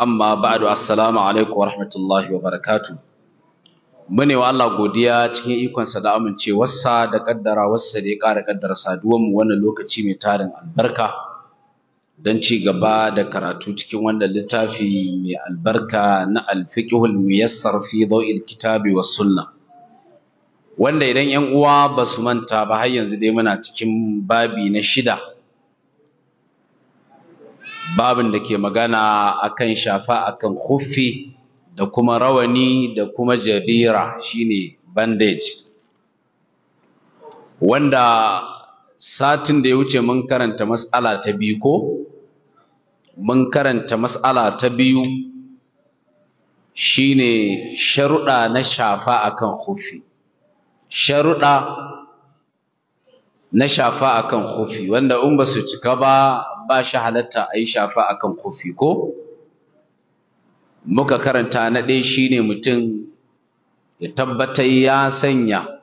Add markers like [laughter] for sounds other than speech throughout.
amma ba'du assalamu alaikum wa rahmatullahi wa barakatu mune wa Allah godiya cikin ikon sa da amincewarsa da kaddara wasa da ya kara kaddara saduwar mu wannan lokaci mai tarin albarka dan ci gaba da karatu cikin wannan littafi mai albarka na alfiqhul muyassar fi dawil kitabi was sunnah wanda idan yan uwa basu manta ba har yanzu dai muna cikin babi na shida babin da ke magana akan shafa akan kufi da kuma rawani da kuma jabira shine bandage wanda satin da ya wuce mun karanta matsala ta biyu ko mun karanta matsala ta biyu shine sharuɗa na shafa akan kufi, sharuɗa na shafa akan kufi wanda in ba su cika ba ba shi halatta a yi shafa a kan kofi ko muka karanta na ɗaya shi ne mutum ya tabbatar ya sanya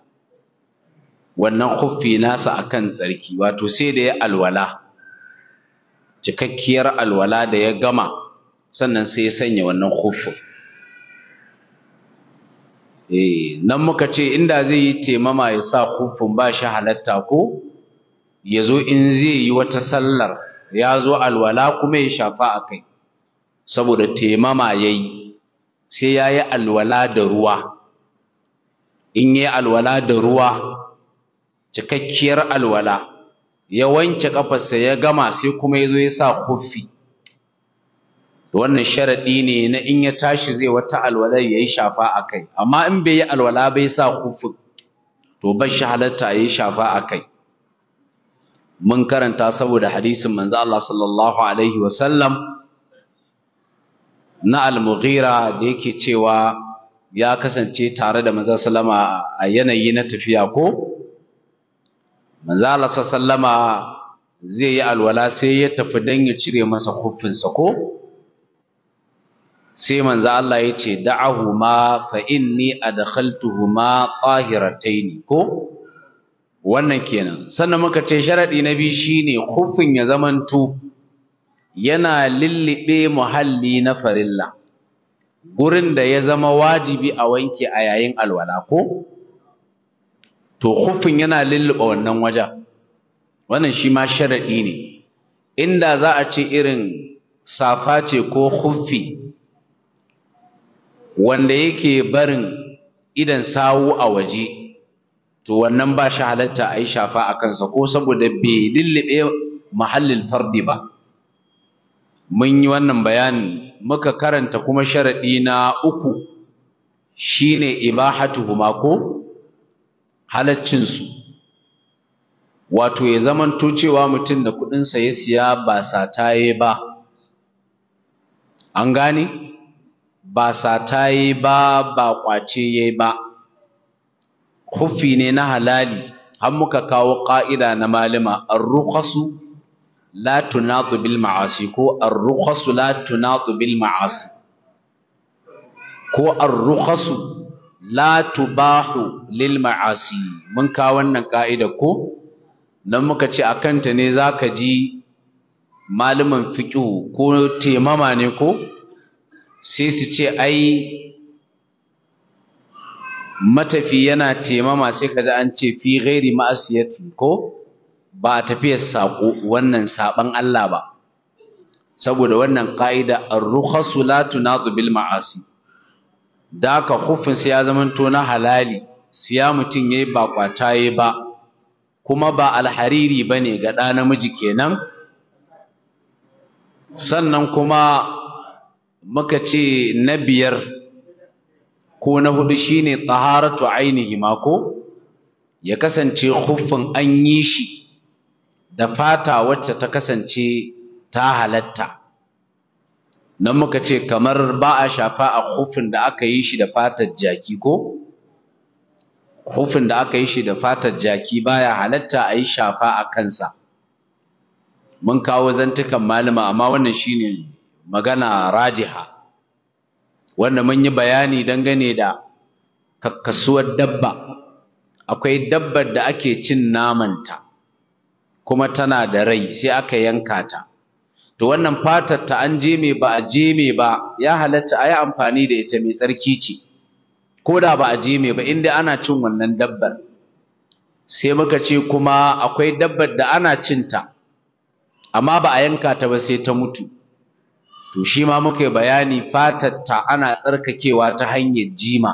wannan kofi nasa a kan tsarki wato sai da ya alwala cikakkiyar alwala da ya gama sannan sai ya sanya wannan kofin eh, nan muka ce inda zai yi temama ya sa kofin ba shi halatta ko ya zo in zai yi wata sallar ya zo alwala kuma ya shafa a kai saboda taimama ya yi sai ya yi alwala da ruwa in yi alwala da ruwa cikakkiyar alwala ya wanke ƙafarsa ya gama sai kuma ya zo ya sa kuffi wannan sharaɗi ne na in ya tashi zai wata alwala ya yi shafa a kai amma in bai yi alwala bai sa kufi, to ban shi halatta ya yi shafa a kai mun karanta saboda hadisin manzo Allah sallallahu alaihi wasallam na al-mughira da yake cewa ya kasance tare da manzo sallama a yanayi na tafiya ko manzo Allah sallama zai yi alwala sai ya tafi dan ya cire masa khuffinsa ko sai manzo Allah ya ce da'ahuma fa inni adkhaltuhuma tahirataini ko wannan kenan sannan muka ce sharaɗi na biyu shine khuffin ya zamanto yana lillibe muhalli na farilla gurin da ya zama wajibi a wanke a yayin alwala ko to khuffin yana lilliba wannan wajen wannan shi ma sharaɗi ne inda za a ce irin safa ce ko khuffi wanda yake barin idan sawu a waje to wannan ba shi halatta a yi shafa a kansa ko saboda bai lullube mahallin fardi ba mun yi wannan bayani muka karanta kuma sharaɗi na uku shine ibahatuhuma ko halaccinsu wato ya zamanto cewa mutum da kuɗinsa ya siya ba sataye ba an gane ba sataye ba ba ƙwace ya ba khuffi ne na halali har muka kawo ƙa'ida na malima ar-rukhasu la tunatu bil ma'asi ko ar-rukhasu la tunatu bil ma'asi ko ar-rukhasu la tubahu lil ma'asi mun kawo wannan ka'ida ko nan muka ce akan ta ne zaka ji malaman fiqh ko temama ne ko sai su ce ai matafi yana taimama sai kaji an ce fi ghairi ma'asiyati ko ba tafiyar saƙo wannan saban Allah ba saboda wannan ƙa'ida ar-rukhasu la tunadu bil ma'asi da ka khufin sai ya zamanto na halali siya mutum yayi ba kwata yayi ba kuma ba alhariri bane ga ɗa namiji kenan sannan kuma muka ce na biyar ko na hudu shine taharatu ainihi ma ko ya kasance khuffin an yi shi da fata wacce ta kasance ta halatta nan muka ce kamar ba a shafa a khuffin da aka yi shi da fatar jaki ko khuffin da aka yi shi da fatar jaki baya halatta a yi shafa a kansa mun kawo zantukan malama amma wannan shine magana rajiha wanda mun yi bayani dangane da kakkasuwar dabba akwai dabbar da ake cin namanta kuma tana da rai sai aka yanka ta to wannan fatar ta an jeme ba a jeme ba ya halatta a yi amfani da ita mai tsarki ce ko da ba a jeme ba inda ana cin wannan dabbar sai muka ce kuma akwai dabbar da ana cinta amma ba a yanka ta ba sai ta mutu to shi ma muka bayani fatatta ana tsarkakewa ta hanyar jima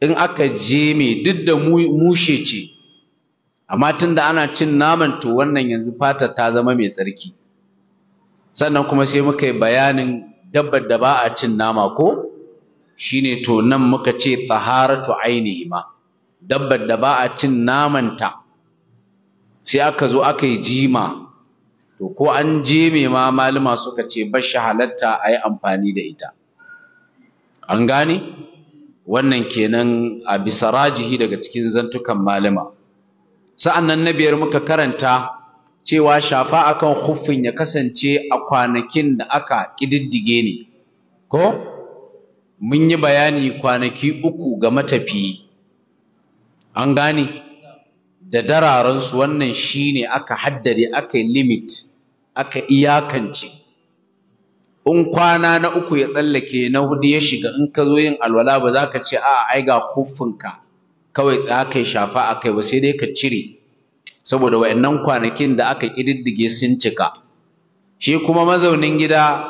in aka je jeme duk da mushe ce amma tunda ana cin naman to wannan yanzu fatar ta zama mai tsarki sannan kuma sai muka bayanin dabbar da ba a cin nama ko shine to nan muka ce taharatu ainihi ma dabbar da ba a cin namanta sai aka zo aka yi jima to ko an je me ma malama suka ce bashi halatta a yi amfani da ita an gane wannan kenan a bisa rajihi daga cikin zantukan malama Sa'annan nan na biyar muka karanta cewa shafa a kan huffin ya kasance a kwanakin da aka ƙididdige ne ko mun yi bayani kwanaki uku ga matafiyi an gane da dararansu wannan shine aka haddade aka yi limit aka iyakance in kwana na uku ya tsallake na hudu ya shiga in ka zo yin alwala ba za ka ce a ai ga kufinka, kawai tsaya kai shafa a kai ba sai dai ka cire saboda wayannan kwanakin da aka ƙididdige sun cika shi kuma mazaunin gida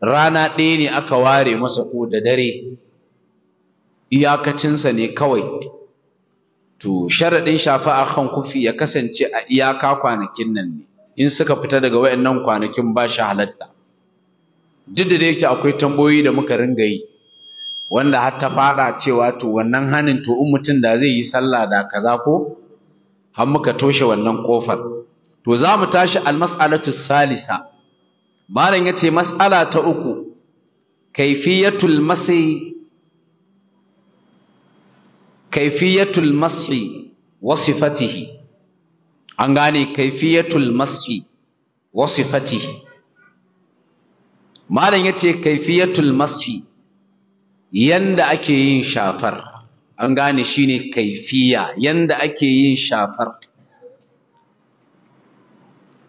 rana ɗaya ne aka ware masa ko da dare iyakacinsa ne kawai to sharaɗin shafa a kan kufi ya kasance a iyaka kwanakin nan ne in suka fita daga wayannan kwanakin ba shi halatta duk da yake akwai tambayoyi da muka ringa yi wanda har ta fada cewa to wannan hanin to in mutum da zai yi sallah da kaza ko har muka toshe wannan kofar to za mu tashi almas'alatu salisa malam yace mas'ala ta uku kaifiyatul masai kaifiyatul mashi wa sifatihi an gane kaifiyatul mashi wa sifatihi malam yace kaifiyatul mashi yanda ake yin shafar an gane shine kaifiya yanda ake yin shafar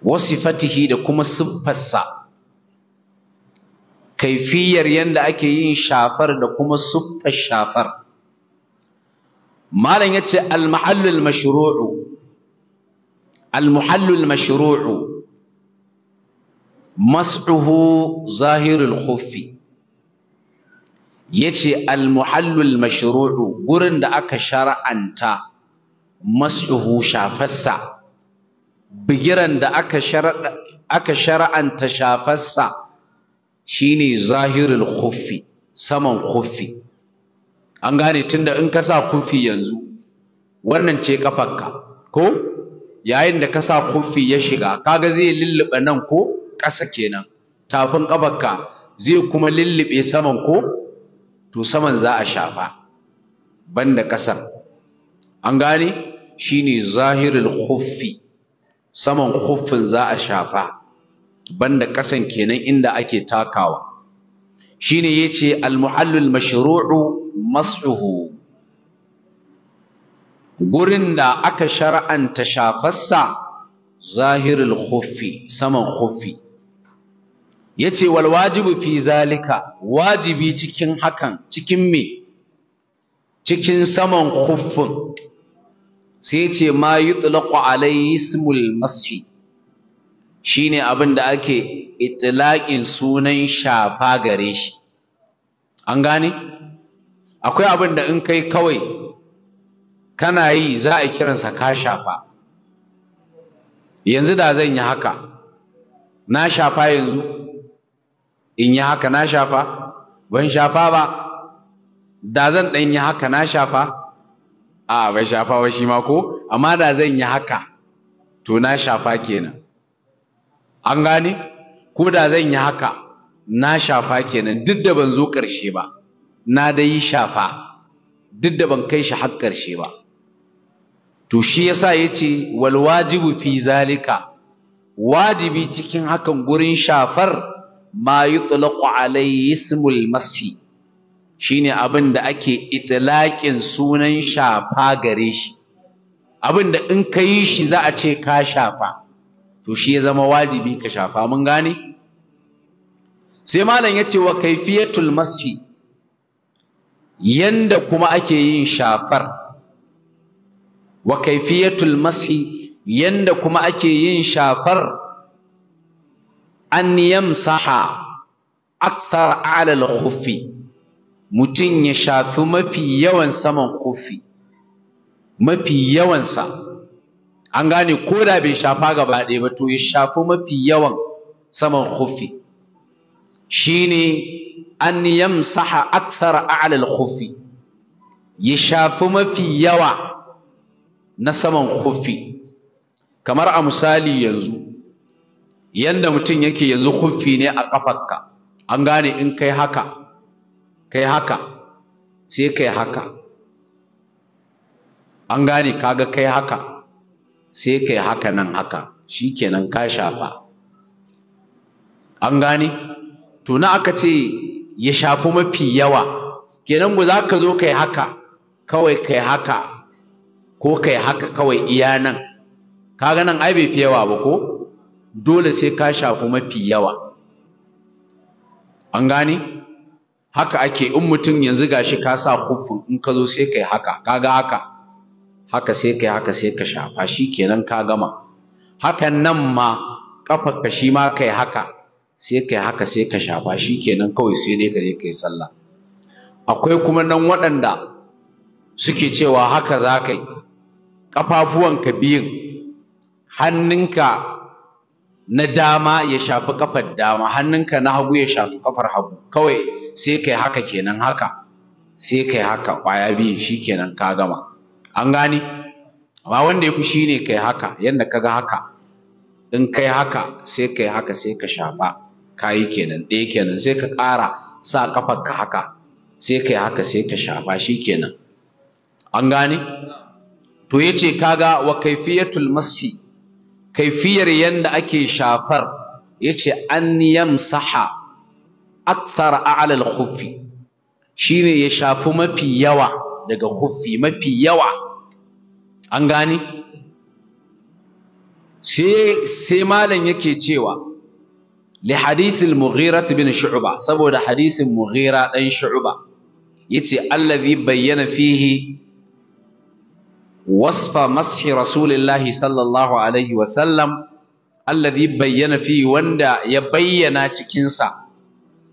wa sifatihi da kuma siffarsa kaifiyar yanda ake yin shafar da kuma siffar shafar malam yace al mahallul mashru'u al muhallul mas'uhu zahirul khuffi yace al muhallul mashru'u gurin da aka shar'anta mas'uhu shafarsa bigiran da aka shar'a aka shar'anta shafarsa shine zahirul khuffi saman khuffi an gane tunda in ka sa kufi yanzu wannan ce ka. ko yayin da ka sa kufi ya shiga kaga zai lullube nan ko ƙasa kenan tafin ka zai kuma lullube saman ko to saman za a shafa banda ƙasar an gane shine zahirul khuffi saman khuffin za a shafa banda ƙasan kenan inda ake takawa shine yace al muhallul mashru'u mas'uhu gurin da aka shar'anta shafarsa zahirul khuffi saman khuffi yace wal wajibu fi zalika wajibi cikin hakan cikin me cikin saman khuffin sai yace ma yutlaqu alayhi ismul mashi shine abin da ake itlaqin sunan shafa gare shi an gane akwai abin da in kai kawai kana yi za a kiransa ka shafa yanzu da zan yi haka na shafa yanzu in yi haka na shafa ban shafa ba da zan ɗan yi haka na shafa a bai shafa ba shi ma ko amma da zan yi haka to na shafa kenan an gane ko da zan yi haka na shafa kenan duk da ban zo ƙarshe ba na dai shafa duk da ban kai shi har ƙarshe ba to shi yasa yace wal wajibu fi zalika wajibi cikin hakan gurin shafar ma yutlaqu alayhi ismul mashi shine abin da ake itlaqin sunan shafa gare shi abin da in ka yi shi za a ce ka shafa to shi ya zama wajibi ka shafa mun gane sai malam yace wa kaifiyatul mashi yanda kuma ake yin shafar wa kaifiyatul mashi yanda kuma ake yin shafar an yamsaha akthar ala al-khuffi mutum ya shafi mafi yawan saman khuffi mafi yawansa an gane ko da bai shafa gaba ɗaya ba to ya shafi mafi yawan saman khuffi shine an yamsaha akthara a'la al-khuffi ya shafi mafi yawa na saman khuffi kamar a misali yanzu yanda mutum yake yanzu khuffi ne a kafarka an gane in kai haka kai haka sai kai haka an gane kaga kai haka sai kai haka nan haka shikenan ka shafa an gane to na aka ce ya shafi mafi yawa kenan ba za ka zo kai haka kawai kai haka ko kai haka kawai iya nan kaga nan ai bai fi yawa ba ko dole sai ka shafi mafi yawa an gane haka ake in mutum yanzu gashi ka sa huffin in ka zo sai kai haka kaga haka haka sai kai haka sai ka shafa shi kenan ka gama hakan nan ma ka shi ma kai haka sai kai haka sai ka shafa shi kenan kawai sai dai ka je kai sallah akwai kuma nan waɗanda suke cewa haka za ka yi ƙafafuwanka biyun hannunka na dama ya shafi kafar dama hannunka na hagu ya shafi kafar hagu kawai sai kai haka kenan haka sai kai haka kwaya biyun shi kenan ka gama an gane amma wanda ya fi shi ne kai haka yadda ka ga haka in kai haka sai kai haka sai ka shafa kayi kenan ɗaya kenan sai ka ƙara sa ka haka sai yi haka sai ka shafa shi kenan an gane to yace kaga wa kaifiyatul mashi kaifiyar yanda ake shafar yace an yamsaha akthar a'la al-khuffi shine ya shafi mafi yawa daga khuffi mafi yawa an gane sai sai malam yake cewa li hadisil mughira bin shu'ba saboda hadisin mughira ɗan shu'ba yace allazi bayyana fihi wasfa mashi rasulillahi sallallahu alaihi wasallam allazi bayyana fihi wanda ya bayyana cikinsa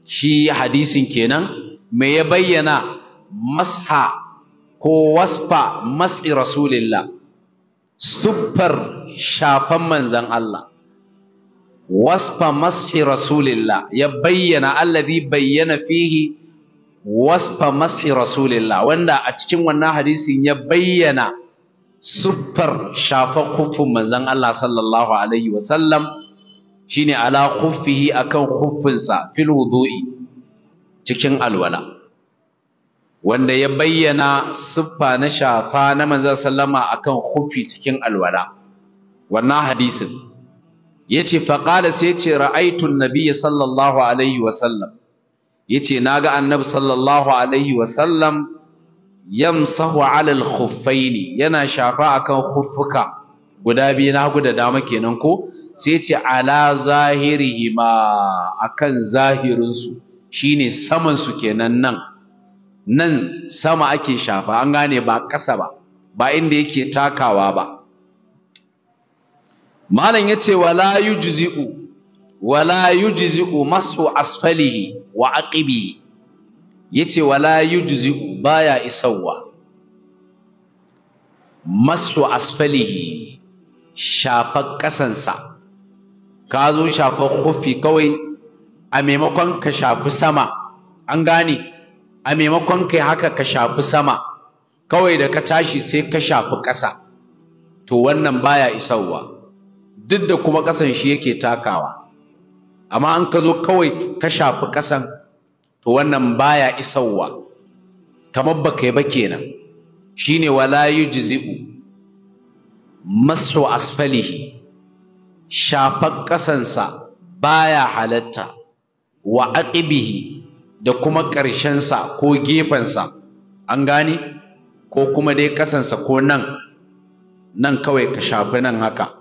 shi hadisin kenan me ya bayyana masha ko wasfa mashi rasulillah siffar shafan manzan Allah wasfa mashi rasulillah ya bayyana allazi bayyana fihi wasfa mashi rasulillah wanda a cikin wannan hadisin ya bayyana siffar shafa kuffin manzon Allah sallallahu alaihi wasallam shine ala khuffihi akan khuffinsa fil wudu'i cikin alwala wanda ya bayyana siffa na shafa na manzon sallama akan khuffi cikin alwala wannan hadisin yace faqala sai yace ra'aytu an-nabiy sallallahu alaihi wa sallam yace naga annabi sallallahu alaihi wa sallam yamsahu ala al yana shafa akan khuffuka guda biyu na hagu da dama kenan ko sai yace ala ma akan zahirin su shine saman su kenan nan nan sama ake shafa an gane ba kasa ba ba inda yake takawa ba malam ya ce wala yujzi'u wala yujzi'u masu asfalihi wa aqibi yace wala yujzi'u baya isawa masu asfalihi shafar kasansa ka zo shafar hufi kawai a maimakon ka shafi sama an gane a maimakon kai haka ka shafi sama kawai da ka tashi sai ka shafi ƙasa to wannan baya isawa duk da kuma ƙasan shi yake takawa amma an ka zo kawai ka shafi ƙasan to wannan baya isarwa kamar ba kai ba kenan shine wala yujzi'u masu asfalihi shafar ƙasansa baya halatta wa aqibihi da kuma ƙarshensa ko gefensa an gane ko kuma dai ƙasansa ko nan nan kawai ka shafi nan haka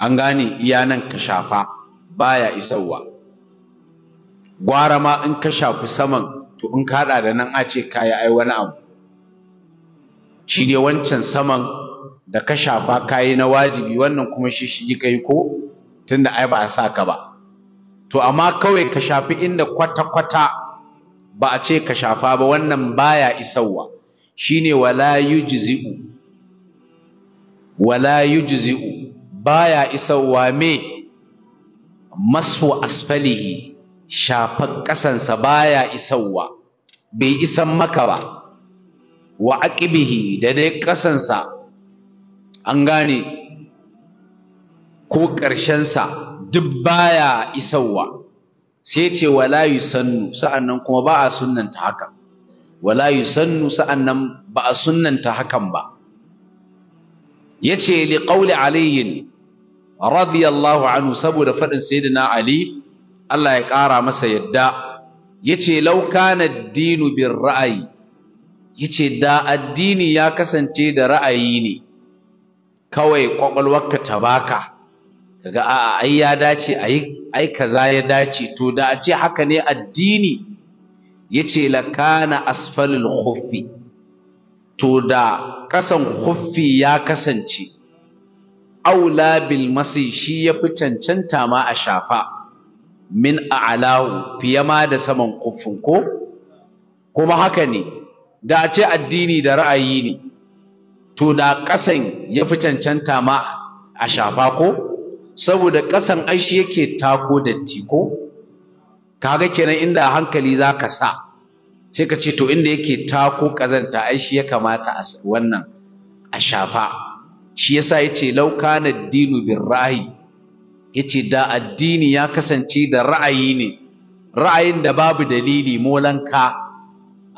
an gane iya nan ka shafa baya isarwa gwara ma in ka shafi saman to in ka haɗa da nan a ce ka ai wani abu shi dai wancan saman da ka shafa ka na wajibi wannan kuma shi shi ka yi ko tunda ai ba a sa ka ba to amma kawai ka shafi inda kwata-kwata ba a ce ka shafa ba wannan baya isarwa shine wala yujzi'u wala yujzi'u baya isarwa me maso asfalihi shafar ƙasansa baya isarwa bai isan maka ba wa aqibihi da dai ƙasansa an gane ko ƙarshensa duk baya isarwa sai ce wala yusannu sa'annan kuma ba a sunnanta hakan wala yusannu sa'annan ba a sunnanta hakan ba yace liqauli aliyin radiyallahu anhu saboda faɗin sayyidina ali Allah ya ƙara masa yadda yace law kana ad-dinu bir ra'ayi yace da addini ya kasance da ra'ayi ne kawai kwakwalwarka ta baka kaga a'a ai ya dace ai ai kaza ya dace to da a ce haka ne addini yace lakana asfalul khuffi to da kasan khuffi ya kasance aula bil masi shi ya fi cancanta ma a shafa min a'lahu fiye ma da saman kufin ko kuma haka ne da a ce addini da ra'ayi ne to da ƙasan ya fi cancanta ma a shafa ko saboda ƙasan ai shi yake tako datti ko kaga kenan inda hankali za ka sa sai ka ce to inda yake tako ƙazanta ai shi ya kamata a wannan a shafa shi yasa yace 'Lauka na dinu bir-ra'yi yace da addini ya kasance da ra'ayi ne ra'ayin da babu dalili molanka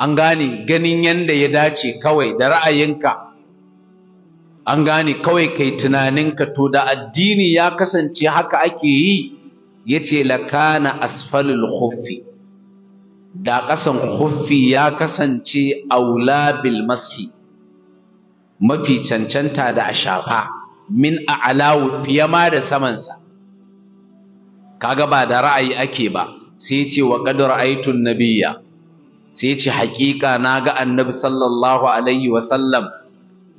an gane ganin yanda ya dace kawai da ra'ayinka an gane kawai kai tunaninka to da addini ya kasance haka ake yi yace lakana asfalul khuffi da ƙasan khuffi ya kasance aula bil mashi mafi cancanta da a shafa min a alawu fiye ma da samansa kaga ba da ra'ayi ake ba sai ce wa qadar aitun nabiya sai ce haƙiƙa na ga annabi sallallahu alaihi wasallam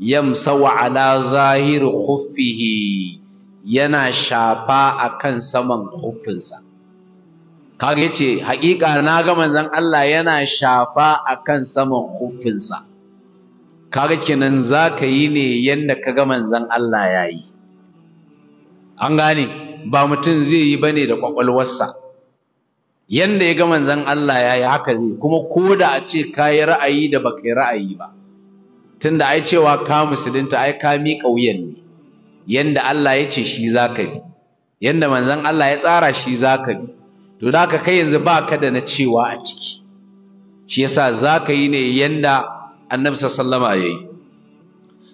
yamsaw ala zahir khuffihi yana shafa akan saman khuffinsa kaga ce haƙiƙa na ga manzon Allah yana shafa akan saman khuffinsa kaga kenan zaka yi ne yadda ka ga manzan Allah ya yi an gane ba mutum zai yi bane da kwakwalwarsa yanda ya ga manzan Allah ya yi haka zai kuma ko da a ce ka ra'ayi da baka yi ra'ayi ba tunda ai cewa ka musulunta ai ka mi kauyen ne yanda Allah ya ce shi za bi yanda manzon Allah ya tsara shi zaka bi to da ka kai yanzu baka da na cewa a ciki shi yasa za yi ne yanda annabi sallama yayi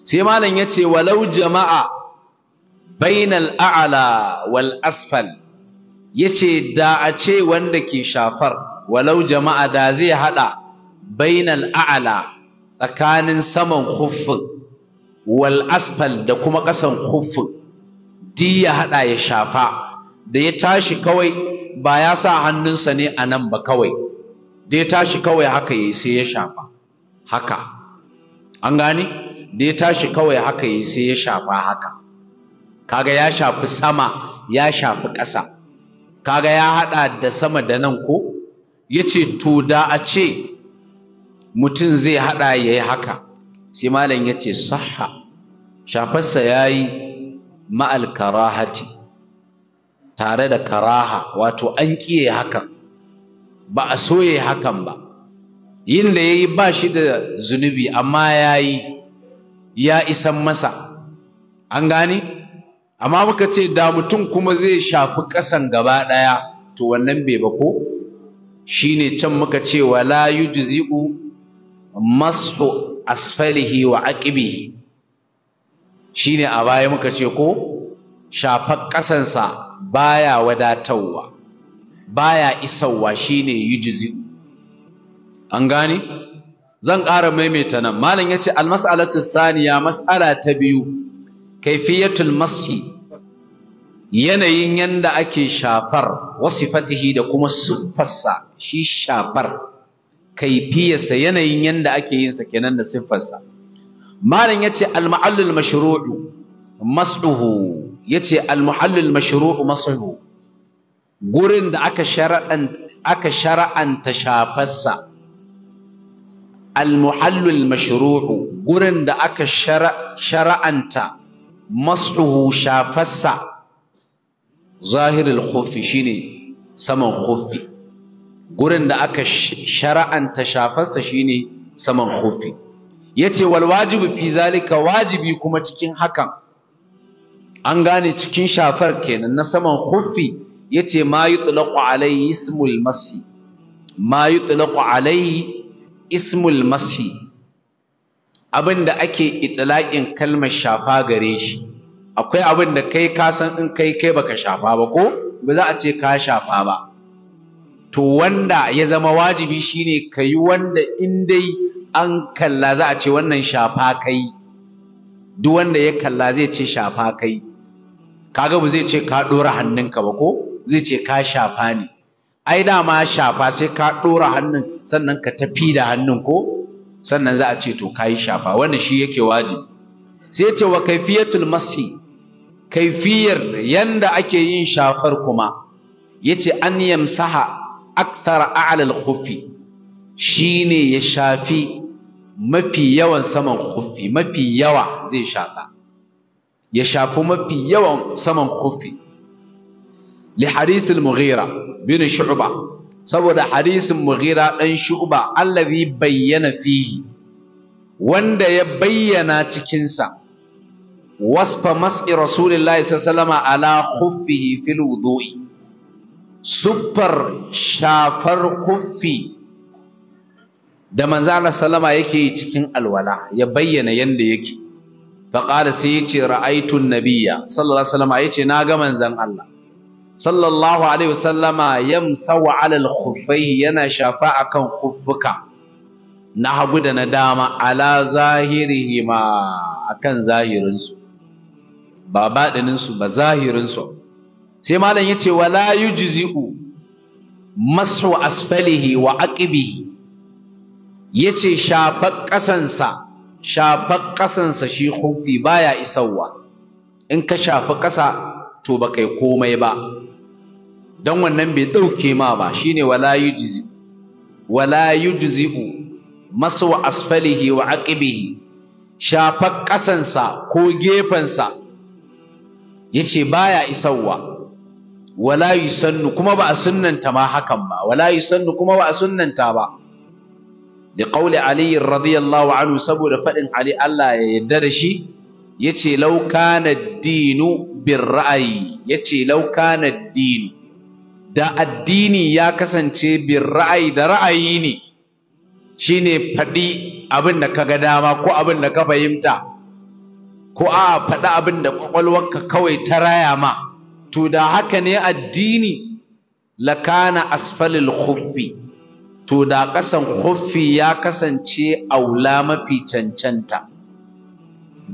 sai malam yace walau jama'a bainal a'la wal asfal ce da a ce wanda ke shafar walau jama'a da zai haɗa bainal a'ala tsakanin saman khuffin wal asfal da kuma ƙasan khuffin di ya haɗa ya shafa da ya tashi kawai ba ya sa hannunsa ne a nan ba kawai da ya tashi kawai haka yayi sai ya shafa haka an gane da ya tashi kawai haka yi sai ya shafa haka kaga ya shafi sama ya shafi ƙasa kaga ya haɗa da sama da nan ko ya ce to da a ce mutum zai haɗa ya yi haka sai malam ya ce saha shafarsa ya yi ma'al karahati tare da karaha wato an ƙiye hakan ba a soye hakan ba yin da ya yi ba shi da zunubi amma ya yi ya isan masa an gani amma muka ce da mutum kuma zai shafi ƙasan gaba ɗaya to wannan bai ba ko shi ne can muka ce wala yujzi'u mashu asfalihi wa aqibihi shi ne a baya muka ce ko shafar ƙasansa baya wadatarwa baya isarwa shi ne yujzi'u an gane zan ƙara maimaita nan malam yace al mas'alatu saniya mas'ala ta biyu kaifiyatul mashi yanayin yanda ake shafar wasifatihi da kuma siffarsa shi shafar kaifiyarsa yanayin yanda ake yin sa kenan da siffarsa malam yace al ma'allul mashru'u mas'uhu yace al muhallul mashru'u mas'uhu gurin da aka shara'anta aka shafarsa almuhallul mashru'u gurin da aka shara'anta mas'uhu shafarsa zahirul khuffi shine saman khuffi gurin da aka shara'anta shafarsa shine saman khuffi yace wal wajibu fi zalika wajibi kuma cikin hakan an gane cikin shafar kenan na saman khuffi yace ma yutlaqu alayhi ismul masih ma yutlaqu alayhi ismul mashi abin da ake itilaƙin kalmar shafa gare shi akwai abin da kai ka san in kai kai baka shafa ba ko ba za a ce ka shafa ba to wanda ya zama wajibi shine ka yi wanda in dai an kalla za a ce wannan shafa kai duk wanda ya kalla zai ce shafa kai kaga ba zai ce ka ɗora hannunka ba ko zai ce ka shafa ne ai dama shafa sai ka ɗora hannun sannan ka tafi da hannun ko sannan za a ce to kayi shafa wannan shi yake waji sai ce wa kaifiyatul mashi kaifiyar yanda ake yin shafar kuma yace an yamsaha akthar a'lal khuffi shine ya shafi mafi yawan saman khuffi mafi yawa zai shafa ya shafi mafi yawan saman khuffi li harisul muhira, bin shu'ba saboda hadisin muhira ɗan shu'ba Allah allazi bayyana fihi wanda ya bayyana cikinsa, sa wasfa mas'i rasulillahi sallallahu ala khuffihi fil wudu'i suffar shafar khuffi da manzala sallama yake cikin alwala ya bayyana yanda yake faqala sai yace ra'aytu an-nabiyya sallallahu alaihi wasallam yace na ga manzon Allah sallallahu alaihi wasallama sawa alal khuffaihi yana shafa akan khuffuka na hagu da na dama ala zahirihi ma akan zahirinsu ba su ba su sai malam yace wala yujzi'u masu asfalihi wa aqibihi yace shafar ƙasansa shafar ƙasansa shi hufi baya isawa in ka shafi ƙasa to ba kai komai ba don wannan bai ɗauke ma ba shine wala yujzi wala yujzi'u masu wa asfalihi wa aqibihi shafar ƙasansa ko gefensa ba ya isarwa wala Sannu kuma ba a sunanta ma hakan ba wala Sannu kuma ba a sunnanta ba da qauli aliyu radiyallahu anhu saboda faɗin ali Allah ya yarda da shi yace ce lauka na dinu bin ra'ayi. yace ce lauka na dinu da addini ya kasance bin ra'ayi da ra'ayi ne shi ne faɗi abin da ka ga dama ko abin da ka fahimta ko a faɗi abin da ƙwaƙwalwarka kawai ta raya ma to da haka ne addini lakana asfalil khuffi to da ƙasan khuffi ya kasance aula mafi cancanta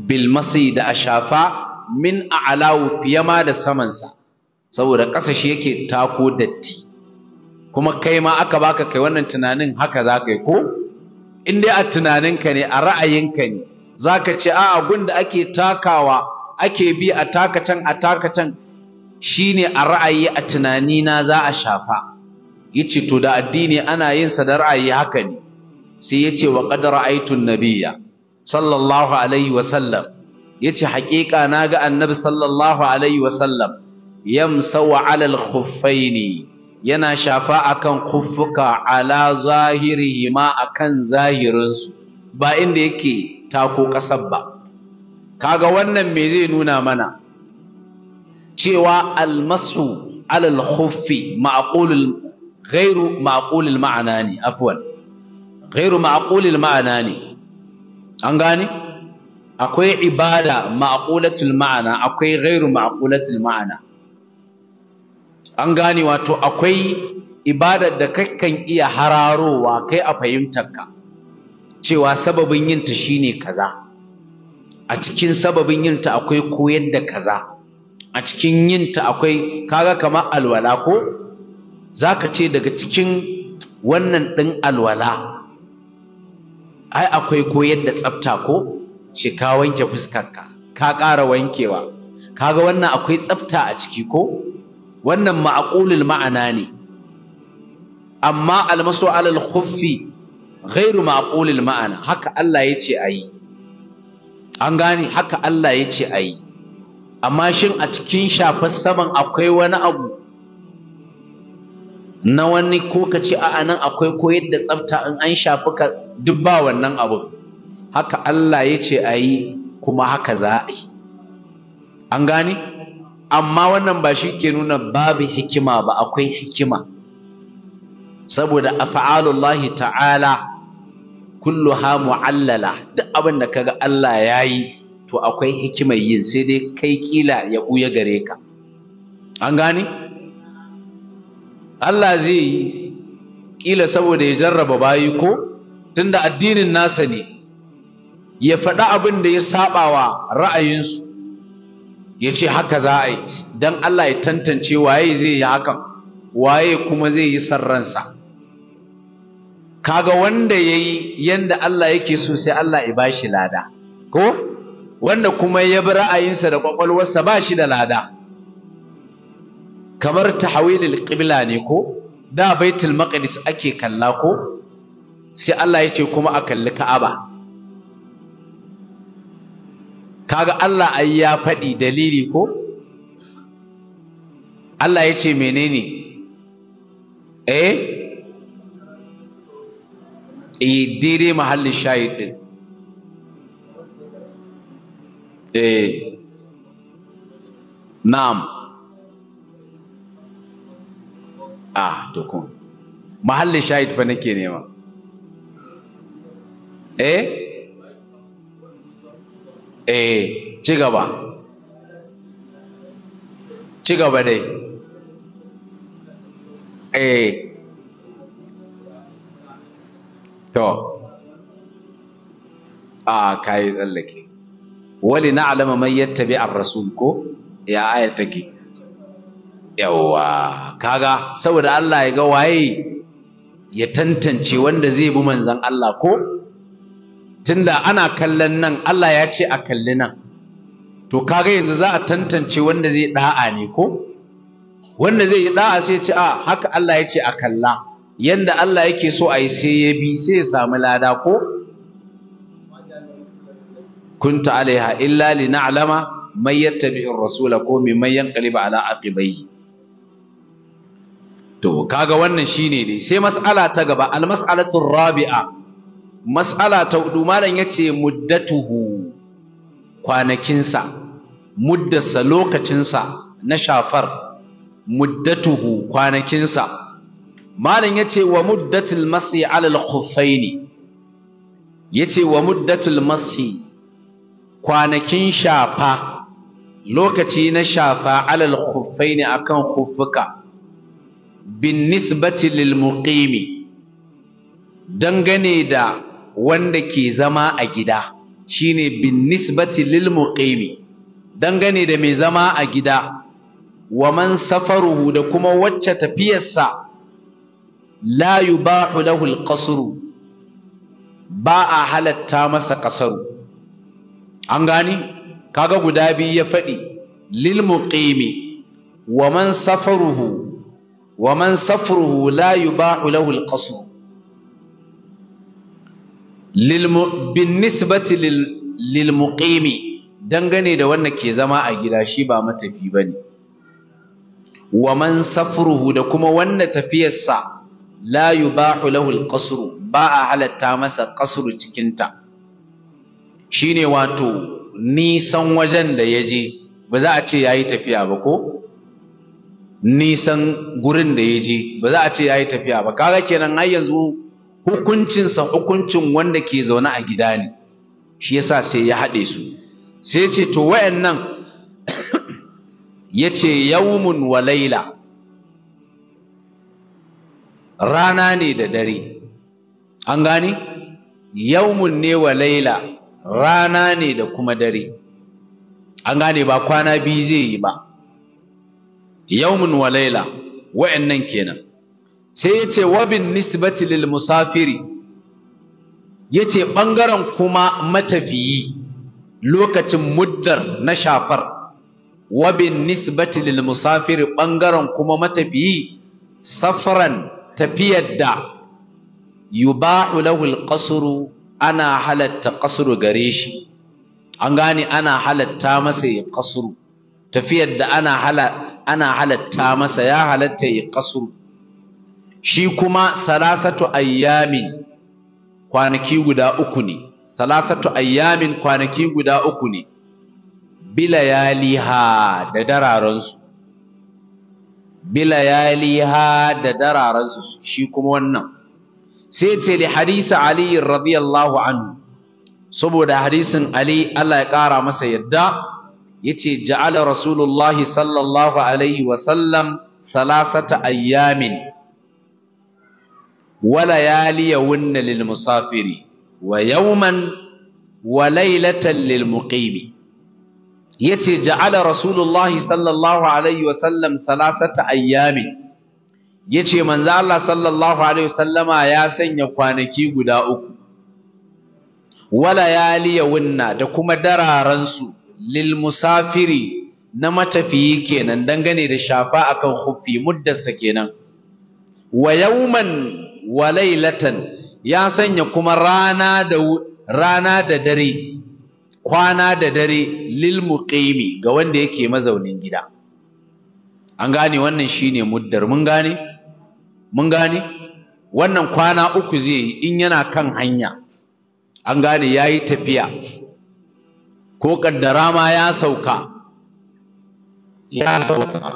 bilmasi da a shafa min a'lawu fiye ma da samansa saboda ƙasa shi yake tako datti kuma kai ma aka baka kai wannan tunanin haka za ka yi ko in dai a tunaninka ne a ra'ayinka ne za ka ce a'a gun da ake takawa ake bi a takacan a takatan shi ne a ra'ayi a tunani na za a shafa ya ce to da addini ana yin sa da ra'ayi haka ne sai ya ce wa qad aitun Nabiya. sallallahu alaihi wa ya ce haƙiƙa na ga annabi sallallahu alaihi wa sallam yamsawa alal khuffaini yana shafa akan kuffuka ala zahirihi ma akan zahirinsu ba inda yake tako kasar ba kaga wannan me zai nuna mana cewa almasu alal khuffi ma'qulul ghairu ma'qulul ma'ana ne afwan ghairu ma'qulul ma'ana ne an gane akwai ibada ma'qulatul ma'ana akwai ghairu ma'qulatul ma'ana an gane wato akwai ibadar da kakkan iya hararowa kai a fahimtarka cewa sababin yinta shine kaza a cikin sababin yinta akwai koyar da kaza a cikin yinta akwai kaga kamar alwala ko zaka ce daga cikin wannan ɗin alwala ai akwai koyar da tsafta ko shi ka wanke fuskarka ka ƙara wankewa kaga wannan akwai tsafta a ciki ko wannan ma'aqulul ma'ana ne amma almasu alal khuffi ghairu ma'qulil ma'ana haka Allah yace ayi an gane haka Allah yace ayi amma shin a cikin shafar saman akwai wani abu na wani ko ka ce a anan akwai koyar da tsafta in an shafi ka duk ba wannan abu haka Allah yace ayi kuma haka za a yi an gane amma wannan ba shi ke nuna babu hikima ba akwai hikima saboda afa'alullahi ta'ala kulluha mu'allala duk abin da kaga Allah ya yi to akwai hikimar yin sai dai kai kila ya ɓuya gare ka an gane Allah zai yi kila saboda ya jarraba bayi ko tunda addinin nasa ne ya faɗi abin da ya wa ra'ayinsu ya ce haka za a yi don Allah ya tantance waye zai yi hakan waye kuma zai yi sarransa kaga wanda ya yi yadda Allah yake so sai Allah ya bashi lada ko wanda kuma ya bi ra'ayinsa da ƙwaƙwalwarsa ba shi da lada kamar tahawilil qibla ne ko da baitul maqdis ake kalla ko sai Allah ya ce kuma a kalli ka'aba kaga Allah ai ya faɗi dalili ko Allah ya ce menene eh eh daidai mahallin shahid din eh na'am ah to kun mahallin shahid fa nake nema eh eh ci gaba ci gaba dai eh to a kayi tsallake wali na alama mai yattabi ar rasul ko ya aya take yawa kaga saboda Allah ya ga waye ya tantance wanda zai bi manzon Allah ko tunda ana kallon nan Allah ya ce a kalli nan to kaga yanzu za a tantance wanda zai da'a ne ko wanda zai yi da'a sai ce a ah, haka Allah ya ce a kalla yanda Allah yake so a yi sai ya bi sai ya samu lada ko kunta alaiha illa li na'lama man yattabi'ir rasula ko mimman yanqaliba ala aqibaihi to kaga wannan shine dai sai mas'ala ta gaba al mas'alatu rabi'a mas'ala ta hudu malam ya ce muddatuhu kwanakinsa muddarsa lokacinsa na shafar muddatuhu kwanakinsa malam ya ce wa muddatul masi kufai ne, ya ce wa muddatul masi kwanakin shafa lokaci na shafa alal kufai ne akan kufuka. bin nisbati lil muqimi dangane da wanda ke zama a gida shine bin nisbati lil muqimi dangane da mai zama a gida wa man safaruhu da kuma wacce tafiyarsa la yubahu lahu al ba a halatta masa kasaru an gani kaga guda biyu ya faɗi lil muqimi wa man safaruhu wa man safaruhu la yubahu lahu al bin nisbati lil dangane da wanda ke zama a gida shi ba matafi bane wa man safruhu da kuma wanda tafiyarsa la yubahu ba al-qasru ba a halatta masa kasuru cikinta Shi ne wato nisan wajen da ya je ba za a ce ya yi tafiya ba ko nisan gurin da ya je ba za a ce ya yi tafiya ba kaga kenan har yanzu hukuncinsa hukuncin wanda ke zaune a gida ne shi yasa sai ya haɗe su sai ce to wayannan ya ce yawmun wa laila rana ne da dare an gane yawmun ne wa laila rana ne da kuma dare an gane ba kwana biyu zai yi ba yawmun wa laila wayannan kenan sai ya ce wabin nisbati lil musafiri ya ce ɓangaren kuma matafiyi lokacin muddar na shafar wabin nisbati lil musafiri ɓangaren kuma matafiyi safaran tafiyar da yuba'u lahul qasru ana halatta qasru gare shi an gane ana halatta masa ya qasru tafiyar da ana halatta masa ya halatta ya qasru shi kuma salasatu ayyamin kwanaki guda uku ne salasatu ayyamin kwanaki guda uku ne bilayaliha da dararansu bilayaliha da dararansu shi kuma wannan sai ce li hadisa ali radiyallahu anhu saboda hadisin ali Allah ya kara masa yadda yace ja'ala rasulullahi sallallahu alaihi wa sallam salasata ayyamin wala wunna lil musafiri wa yawman wa laylatan lil muqimi yace ja'ala rasulullahi sallallahu alaihi wa sallam salasata ayyamin yace manzo Allah sallallahu alaihi wa wasallama ya sanya kwanaki guda uku wala wunna da kuma dararansu lil musafiri na matafiyi kenan dangane da shafa akan khuffi muddarsa kenan wa yawman walailatan ya sanya kuma rana da rana da dare kwana da dare lil muqimi ga wanda yake mazaunin gida an gane wannan shine muddar mun gane mun gane wannan kwana uku zai yi in yana kan hanya an gane yayi tafiya ko kaddara ma ya sauka ya sauka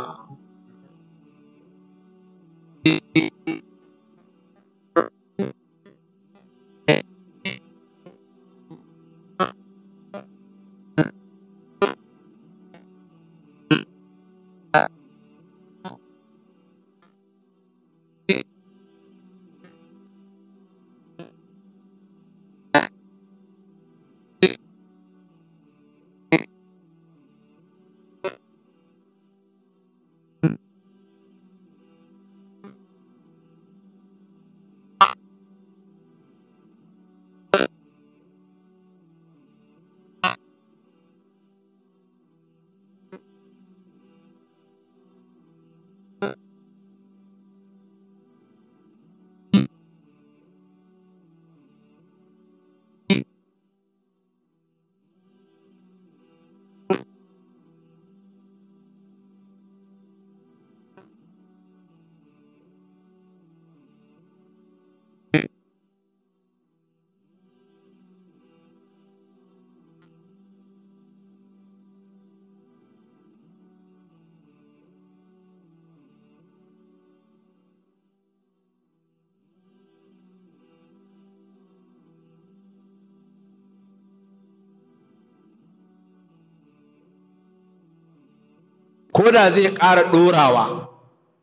Koda zai ƙara ɗorawa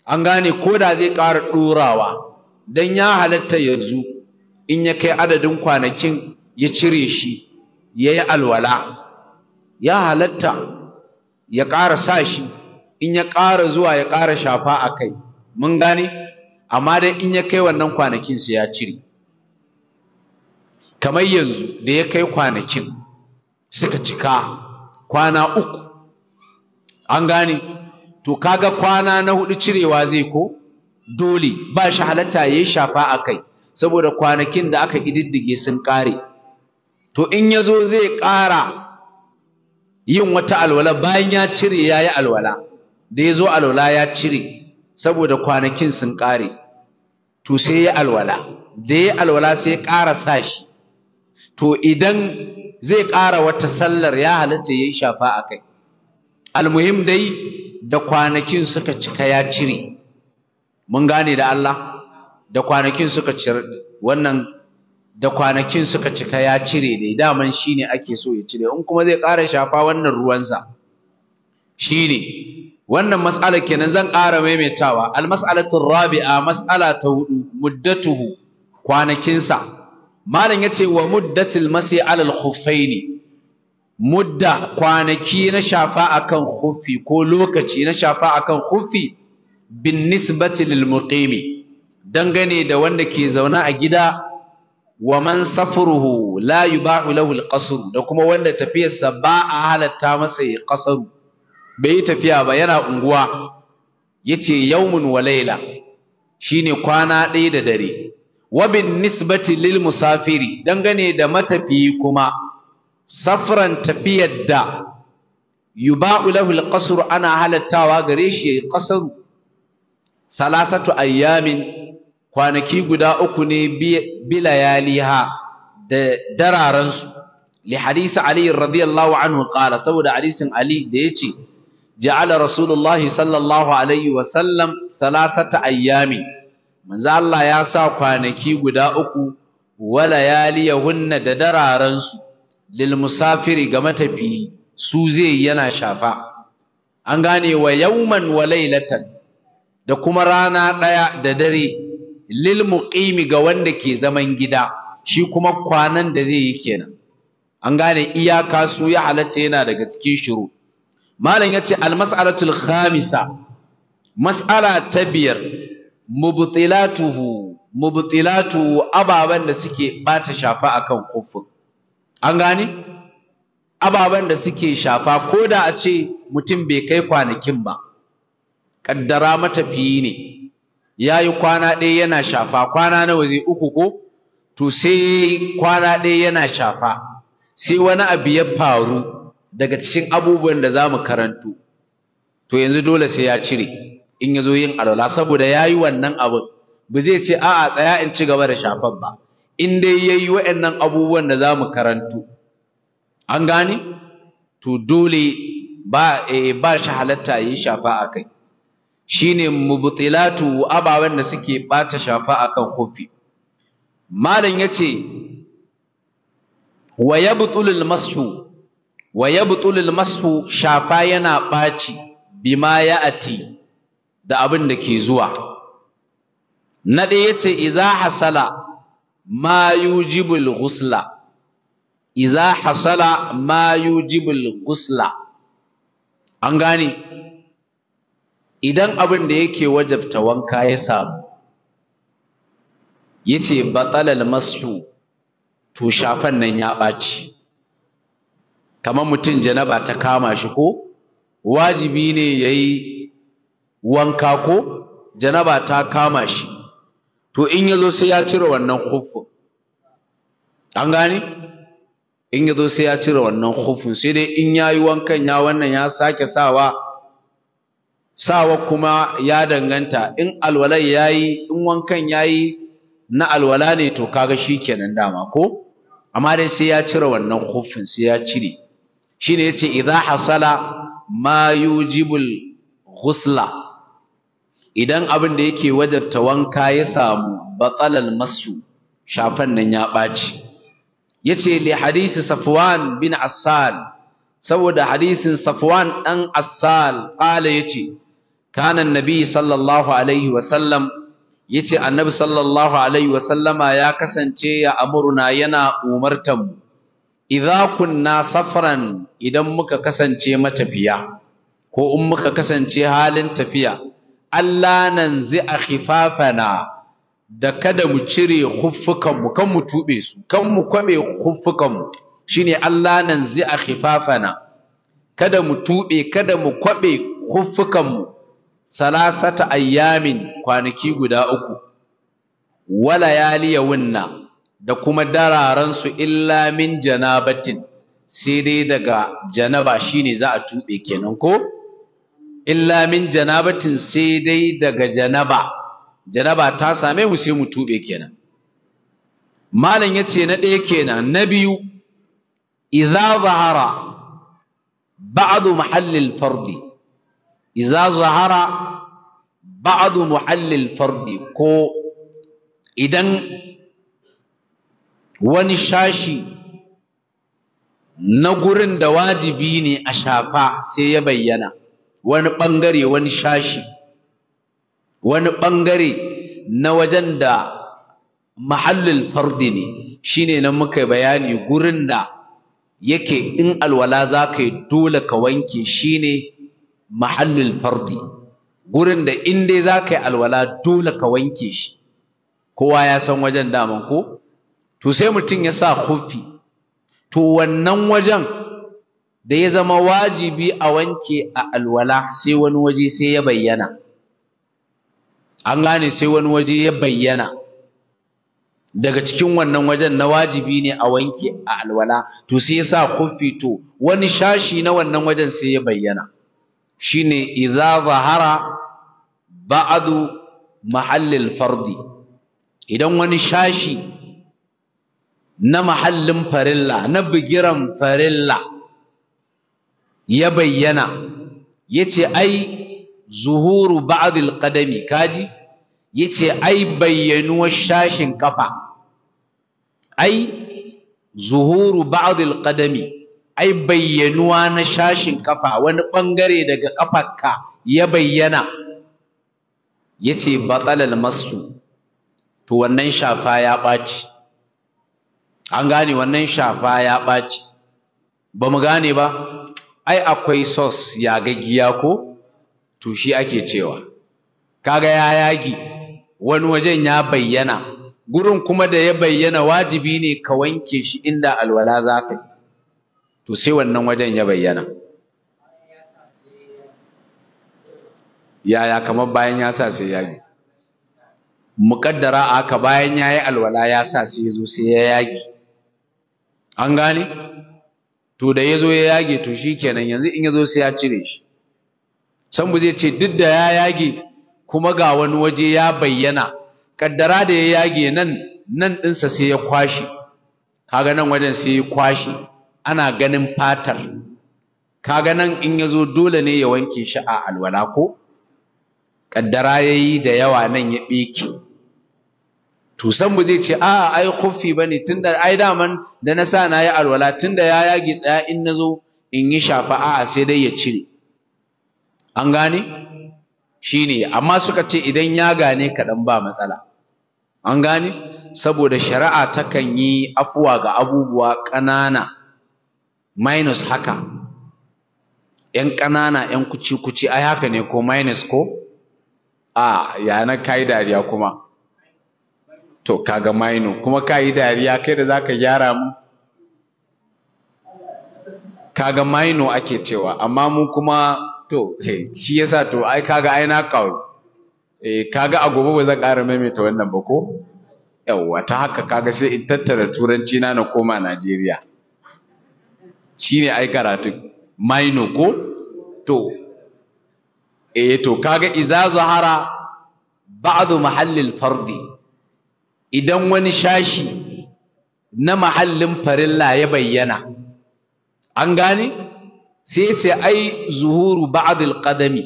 an gane koda zai ƙara ɗorawa don ya halatta yanzu in ya kai adadin kwanakin ya cire shi ya yi alwala ya halatta ya ƙara sa shi in ya ƙara zuwa ya ƙara shafa a kai mun gane amma dai in ya kai wannan kwanakin ya cire kamar yanzu da ya kai kwanakin suka cika kwana uku an gane to kaga kwana na hudu cirewa zai ko dole ba shi halatta ya shafa a kai saboda kwanakin da aka ƙididdige sun ƙare to in yazo zai ƙara yin wata alwala bayan ya cire ya yi alwala da ya zo alwala ya cire saboda kwanakin sun ƙare to sai ya alwala da ya alwala sai ƙara sa shi to idan zai ƙara wata sallar ya halatta ya yi shafa a kai almuhim dai da kwanakin suka cika ya cire mun gane da Allah da kwanakin suka cire wannan da kwanakin suka cika ya cire dai daman shine ake so ya cire in kuma zai ƙara shafa wannan ruwansa shine wannan mas'alar kenan zan ƙara maimaitawa almas'alatu rabi'a mas'ala ta hudu muddatuhu kwanakinsa malam yace wa muddatil masi alal khuffaini mudda kwanaki na shafa akan khuffi ko lokaci na shafa akan khuffi bin nisbati lil muqimi dangane da wanda ke zauna a gida wa man safaruhu la yubahu lahu al da kuma wanda tafiyarsa ba a halatta masa ya qasaru bai tafiya ba yana unguwa yace yawmun wa layla shine kwana ɗaya da dare wa bin nisbati lil musafiri dangane da matafiyi kuma safran tafiyar da yuba'u lahu alqasr ana halattawa gare shi ya yi qasaru salasatu ayyamin kwanaki guda uku ne bilayaliha da dararan su li hadisi ali radiyallahu anhu ƙara saboda hadisin ali da ya yace ja'ala rasulullahi sallallahu alaihi wa sallam salasata ayyamin manzo Allah ya sa kwanaki guda uku wa layaliyahunna da dararan lil musafiri ga matafiyi su zai yana shafa an gane wa yauman wa lailatan da kuma rana ɗaya da dare lil muqimi ga wanda ke zaman gida shi kuma kwanan da zai yi kenan an gane iyaka su ya halatta yana daga cikin shiru malam yace al mas'alatul khamisa mas'ala ta biyar mubtilatuhu mubtilatu ababan da suke bata shafa akan kufur an gani? ababen da suke shafa ko da a ce mutum bai kai kwanakin ba kaddara matafiyi ne ya yi kwana ɗaya yana shafa kwana nawa zai uku ko to sai kwana ɗaya yana shafa sai wani abu ya faru daga cikin abubuwan da za mu karantu to yanzu dole sai ya cire in ya zo yin alwala saboda ya yi wannan abin ba zai ce a'a tsaya in ci gaba da shafan ba in dai ya yi waɗannan abubuwan da za mu karantu an gane to dole ba eh, ba shi halatta yi a kai Shi ne mubtilatu ababen da suke shafa a kan kofi. malam ce wa butulul mashu wa butulul mashu shafa yana ɓaci bima ati da abin da ke zuwa na ɗaya ce iza hasala ma yujibul الغسل iza hasala ma yujibul الغسل an gane idan abin da yake wajabta wanka ya samu yace batalal masu to shafan nan ya ɓaci kamar mutum janaba ta kama shi ko wajibi ne yayi wanka ko janaba ta kama shi to in ya zo sai ya cire wannan hufin an gane in ya zo sai ya cire wannan hufin sai dai in ya yi wankan ya wannan ya sake sawa sawa kuma ya danganta in alwalai ya yi in wankan ya yi na alwala ne to kaga shi dama ko amma dai sai ya cire wannan hufin sai ya cire shine yace idza hasala ma yujibul ghusla idan abin da yake wajarta wanka ya samu batsalal masu shafan nan ya ɓaci ya ce li hadisi safwan bin assal saboda hadisin safwan ɗan assal ƙala ya ce kanan nabi sallallahu alaihi wasallam ya ce annabi sallallahu alaihi wasallama ya kasance ya amurna yana umartanmu idza kunna safaran idan muka kasance matafiya ko in muka kasance halin tafiya Allah nan zai a khifafana da kada mu cire huffukanmu kan mu tube su kan mu kwame huffukanmu shine Allah nan zai a khifafana kada mu tube kada mu kwabe huffukanmu salasata ayyamin kwanaki guda uku wala yaliyawunna da kuma dararan su illa min janabatin sai dai daga janaba shine za a tube kenan ko illa min janabatin sai dai daga janaba janaba ta same mu sai mu tube kenan malam yace na ɗaya kenan na biyu idza zahara ba'du al fardi idza zahara ba'du al fardi ko idan wani shashi na gurin da wajibi ne a shafa sai ya bayyana wani ɓangare wani shashi wani ɓangare na wajen da mahallin fardi ne shine nan muka bayani gurin da yake in alwala za ka yi dole ka wanke shi ne mahallin fardi gurin da in dai za ka yi alwala dole ka wanke shi kowa ya san wajen daman ko to sai mutum ya sa kofi to wannan wajen da ya zama wajibi a wanke a alwala sai wani waje sai ya bayyana an gane sai wani waje ya bayyana daga cikin wannan wajen na wajibi ne a wanke a alwala to sai ya sa khuffi to wani shashi na wannan wajen sai ya bayyana shine idza zahara ba'du mahallil fardi idan wani shashi na mahallin farilla na bigiran farilla ya bayyana ya ce ai zuhuru ba'adil qadami kaji ce ai bayyanuwar shashin kafa ai zuhuru ba'adil ƙadami ai bayyanuwa na shashin ƙafa. wani ɓangare daga ƙafarka ya bayyana ya yace batalal masu to wannan shafa ya ɓaci an gane wannan shafa ya ɓaci ba mu gane ba ai akwai sos ya yagaggiya ko to shi ake cewa kaga ya yagi wani wajen ya bayyana gurin kuma da ya bayyana wajibi ne ka wanke shi inda alwala za ka yi to sai wannan wajen ya bayyana yaya kamar bayan ya sa sai yagi muƙaddara a haka bayan ya yi alwala ya sa sai ya zo sai ya yagi an gane to da ya zo ya yage to shi kenan yanzu in ya zo sai ya cire shi sambu zai ce duk da ya yage kuma ga wani waje ya bayyana kaddara da ya yage nan nan ɗinsa sai ya kwashe kaga nan wajen sai ya kwashe ana ganin fatar kaga nan in ya zo dole ne ya wanke shi a alwala ko kaddara ya yi da yawa nan ya ɓeke to san zai ce a ai khuffi bane tunda ai daman da na sa na yi alwala tunda ya yage tsaya in nazo in yi shafa a sai dai ya cire an gane shine amma suka ce idan ya gane kaɗan ba matsala an gane saboda shari'a takan yi afuwa ga abubuwa ƙanana minus haka ‘yan ƙanana ‘yan kuci-kuci ai haka ne ko minus ko a ya na kai dariya kuma to kaga maino kuma ka yi dariya kai da za ka gyara mu kaga maino ake cewa amma mu kuma to shi yasa to ai kaga ai na kawo eh kaga a gobe ba zan ƙara maimaita wannan ba ko yawwa ta haka kaga sai in tattara turanci na na koma Najeriya shine ai karatun maino ko to eh to kaga iza zahara ba'du mahallil fardi idan wani shashi na mahallin farilla ya bayyana an gane sai ce ai zuhuru ba'dil qadami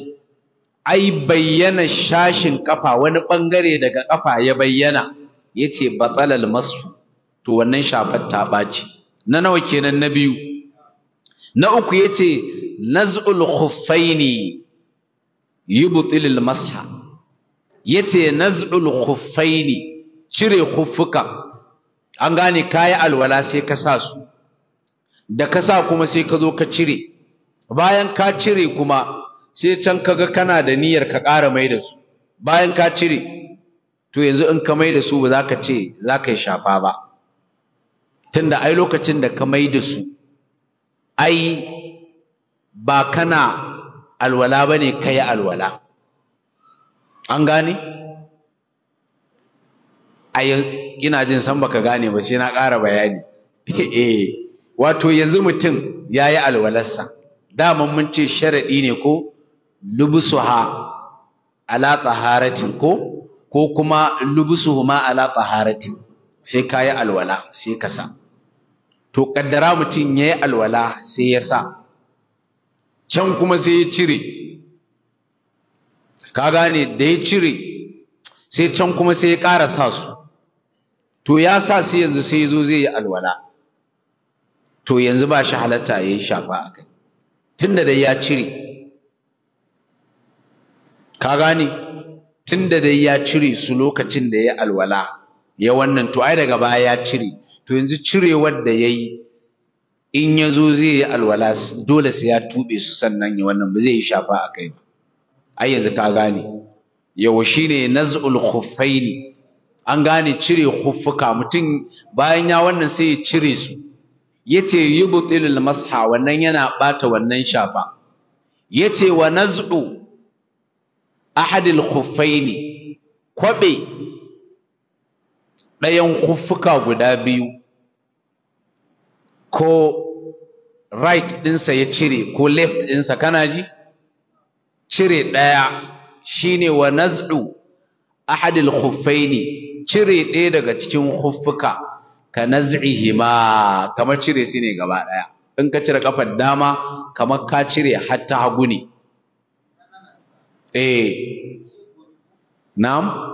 ai bayyana shashin kafa wani bangare daga kafa ya bayyana yace batalal masu to wannan shafar ta ɓaci na nawa kenan na biyu na uku yace naz'ul khuffaini yubtilul masha yace naz'ul khuffaini cire huffuka an gane kayi alwala sai ka sa su da ka sa kuma sai ka zo ka cire bayan ka cire kuma sai can kaga kana da niyyar ka ƙara mai da su bayan ka cire to yanzu in ka mai da su ba za ka ce za ka yi shafa ba tunda ai lokacin da ka mai da su ai ba kana alwala ba ne ka yi alwala an gane ai ina jin san baka gane ba sai na ƙara bayani [laughs] eh wato yanzu mutum yayi alwalarsa daman mun ce sharadi ne ko lubusuha ala taharatin ko ko kuma lubusuhuma ala taharatin sai kayi alwala sai ka sa to kaddara mutum yayi alwala sai ya sa can kuma sai ya cire ka gane da ya cire sai can kuma sai ya ƙara sa su to ya sa sai yanzu sai zo zai yi alwala to yanzu ba shi halatta ya yi shafa a kai tun da dai ya cire ka gane tun da dai ya cire su lokacin da ya alwala ya wannan to ai daga baya ya cire to yanzu cirewar da ya yi in ya zo zai yi alwala dole sai ya tuɓe su sannan ya wannan ba zai yi shafa a kai ba ai yanzu ka gane yawa shine naz'ul khuffaini an gane cire huffuka mutum bayan ya wannan sai ya cire su yace yubtilul masha wannan yana bata wannan shafa yace wa naz'u ahadil khuffaini kwabe ɗayan huffuka guda biyu ko right ɗinsa ya cire ko left ɗinsa kana ji cire ɗaya shine wa naz'u ahadil ne. cire ɗaya daga cikin huffuka ka naz'ihima kamar cire su ne gaba ɗaya in ka cire kafar dama kamar ka cire hatta hagu ne eh na'am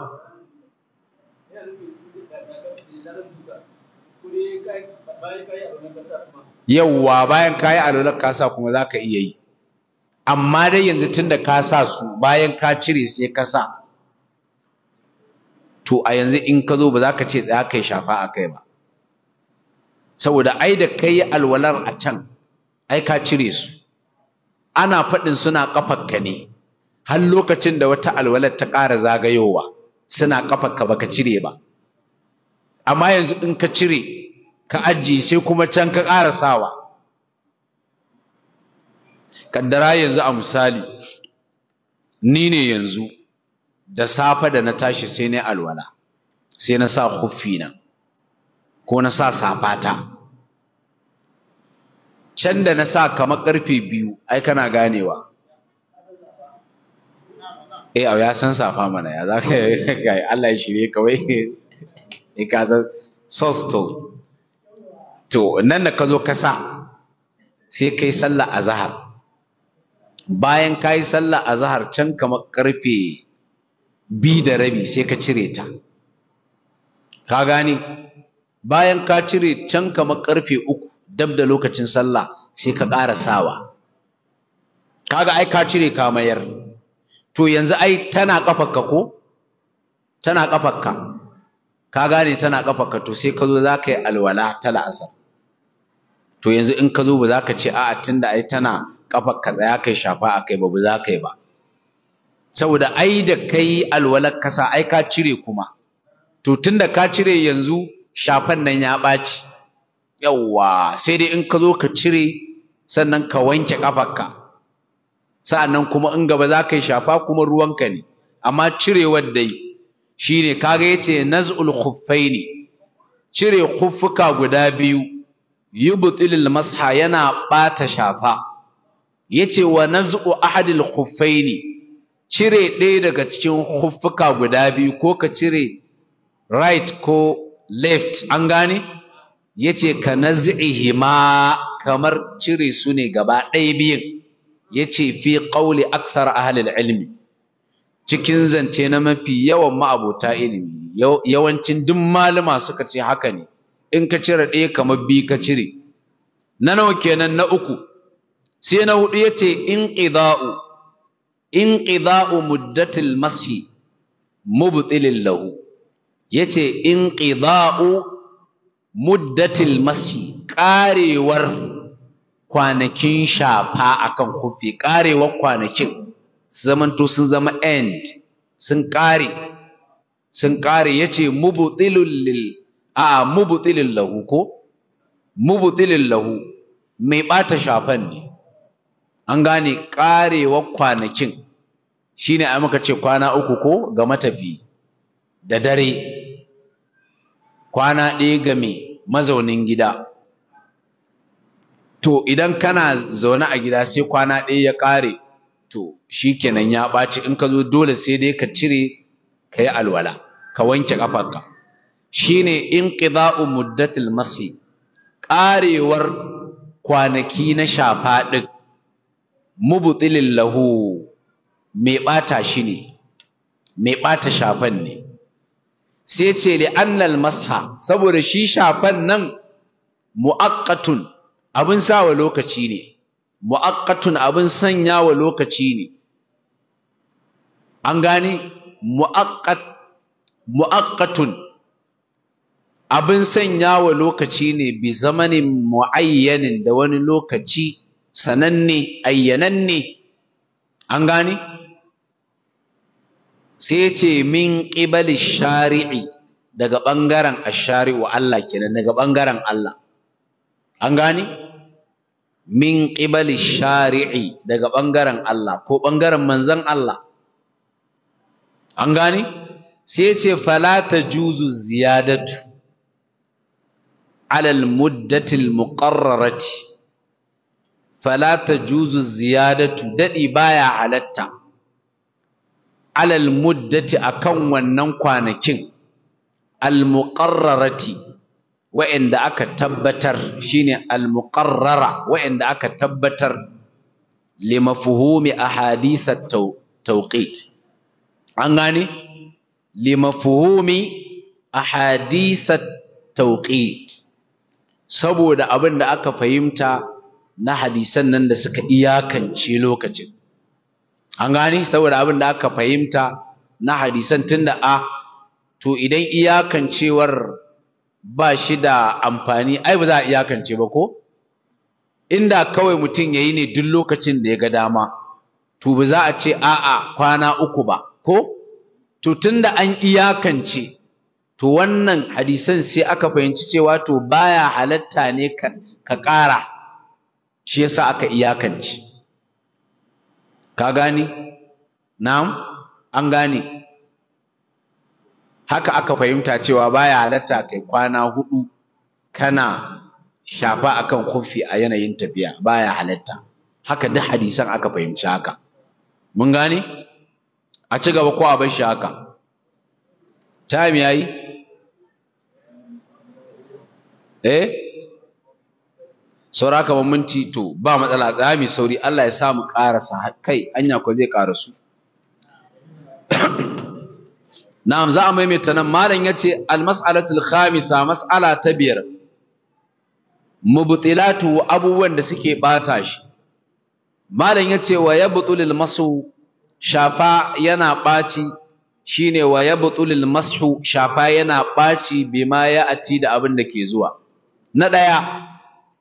yawwa bayan kayi alolar kasa kuma za ka iya yi amma dai yanzu tun ka sa su bayan ka cire sai ka sa to a yanzu in ka zo ba za ka ce tsaya kai shafa a kai ba saboda ai da kai alwalar a can ai ka cire su ana faɗin suna ƙafarka ne har lokacin da wata alwalar ta ƙara zagayowa suna ƙafarka baka cire ba amma yanzu in ka cire ka ajiye sai kuma can ka ƙara sawa kaddara yanzu a misali ni ne yanzu da safe da na tashi sai na alwala sai na sa huffi na ko na sa safata can da na sa kamar karfe biyu ai kana ganewa eh a ya san safa mana ya za ka ga [laughs] Allah ya shirye kawai eh [laughs] ka san sosto to nan da ka zo ka sa sai kai sallah azhar bayan kai sallah azhar can kamar karfe bi da rabi sai ka cire ta ka gane bayan ka cire can kamar karfe uku dab da lokacin sallah sai ka ƙara sawa kaga ai ka cire ka mayar to yanzu ai tana ƙafarka ko tana ƙafarka ka gane tana ƙafarka to sai ka zo za ka yi alwala ta la'asar to yanzu in ka zo ba za ka ce a'a tunda ai tana ƙafarka tsaya kai shafa a kai ba ba za ka yi ba saboda ai da kai alwalar kasa ai ka cire kuma to tunda ka cire yanzu shafan nan ya ɓaci yawwa sai dai in ka zo ka cire sannan ka wanke kafarka sa'annan kuma in gaba za ka yi shafa kuma ruwanka ne amma cirewar dai shine kaga yace naz'ul khuffaini cire khuffuka guda biyu al masha yana bata shafa yace wa naz'u ahadil khuffaini cire ɗaya daga cikin huffuka guda biyu ko ka cire right ko left an gane ya ce ka hima kamar cire su ne gaba ɗaya biyun ya ce fi ƙauli aksar ahalil ilmi cikin zance na mafi yawan ma'abota ilimi yawancin duk malama suka ce haka ne in ka cire ɗaya kamar bi ka cire na nawa kenan na uku sai na hudu ya ce in ƙida'u inqida'u muddatil mashi mubtilin lahu yace inqida'u muddatil mashi karewar kwanakin shafa akan kufi karewar kwanakin zamanto sun zama end sun kare sun kare yace mubtilul lil a mubtilin lahu ko mubtilin lahu mai bata shafan ne an gane ƙarewar kwanakin shi ne a muka ce kwana uku ko ga matafi da dare kwana ɗaya ga mai mazaunin gida to idan kana zaune a gida sai kwana ɗaya ya ƙare to shi kenan ya ɓaci in ka zo dole sai dai ka cire ka yi alwala ka wanke ƙafarka Shi ne in ƙida'u muddatil mashi ƙarewar kwanaki na shafa ɗin mubtilin lahu mai ɓata shi ne mai ɓata shafan ne sai ce li annal masha saboda shi shafan nan mu'aqqatun abin sawa lokaci ne mu'aqqatun abin sanya wa lokaci ne an gane mu'aqqat abin abin wa lokaci ne bi zamanin mu'ayyanin da wani lokaci sananne ayyananne an gane sai ce min ƙibali shari'i daga ɓangaren wa Allah kenan daga ɓangaren Allah an gane min ƙibali shari'i daga ɓangaren Allah ko ɓangaren manzan Allah an gane sai ce falata juzu ziyadatu alal muddatil muqarrarati Falata tajuzu ziyaratu daɗi baya halatta alal muddati akan wannan kwanakin al muqarrarati wa'inda aka tabbatar shine al muqarrara wa'inda aka tabbatar limafuhumi ahadith at tawqit an gane limafuhumi ahadith at tawqit saboda abin da aka fahimta na hadisan nan da suka iyakance lokacin an gani saboda abin da aka fahimta na hadisan tunda a to idan iyakancewar ba shi da amfani ai ba za a iyakance ba ko inda kawai mutum ya yi ne duk lokacin da ya ga dama to ba za a ce a'a kwana uku ba ko to tunda an iyakance to wannan hadisan sai aka fahimci cewa to baya halatta ne ka ƙara shi yasa aka iyakance ka gane na'am an gane haka aka fahimta cewa baya halatta kai kwana hudu kana shafa akan kufi a yanayin tafiya baya halatta haka duk hadisan aka fahimci haka mun gane a ci gaba ko a bar shi haka time yayi eh saura kamar minti to ba matsala tsaya mai sauri Allah ya sa mu karasa kai anya ko zai karasu [coughs] na'am za a maimaita nan malam yace al-mas'alatul khamisa mas'ala ta biyar mubtilatu abubuwan da suke bata shi malam yace wa yabtulul masu shafa yana baci shine wa mashu shafa yana baci bima ya ati da abin da ke zuwa na daya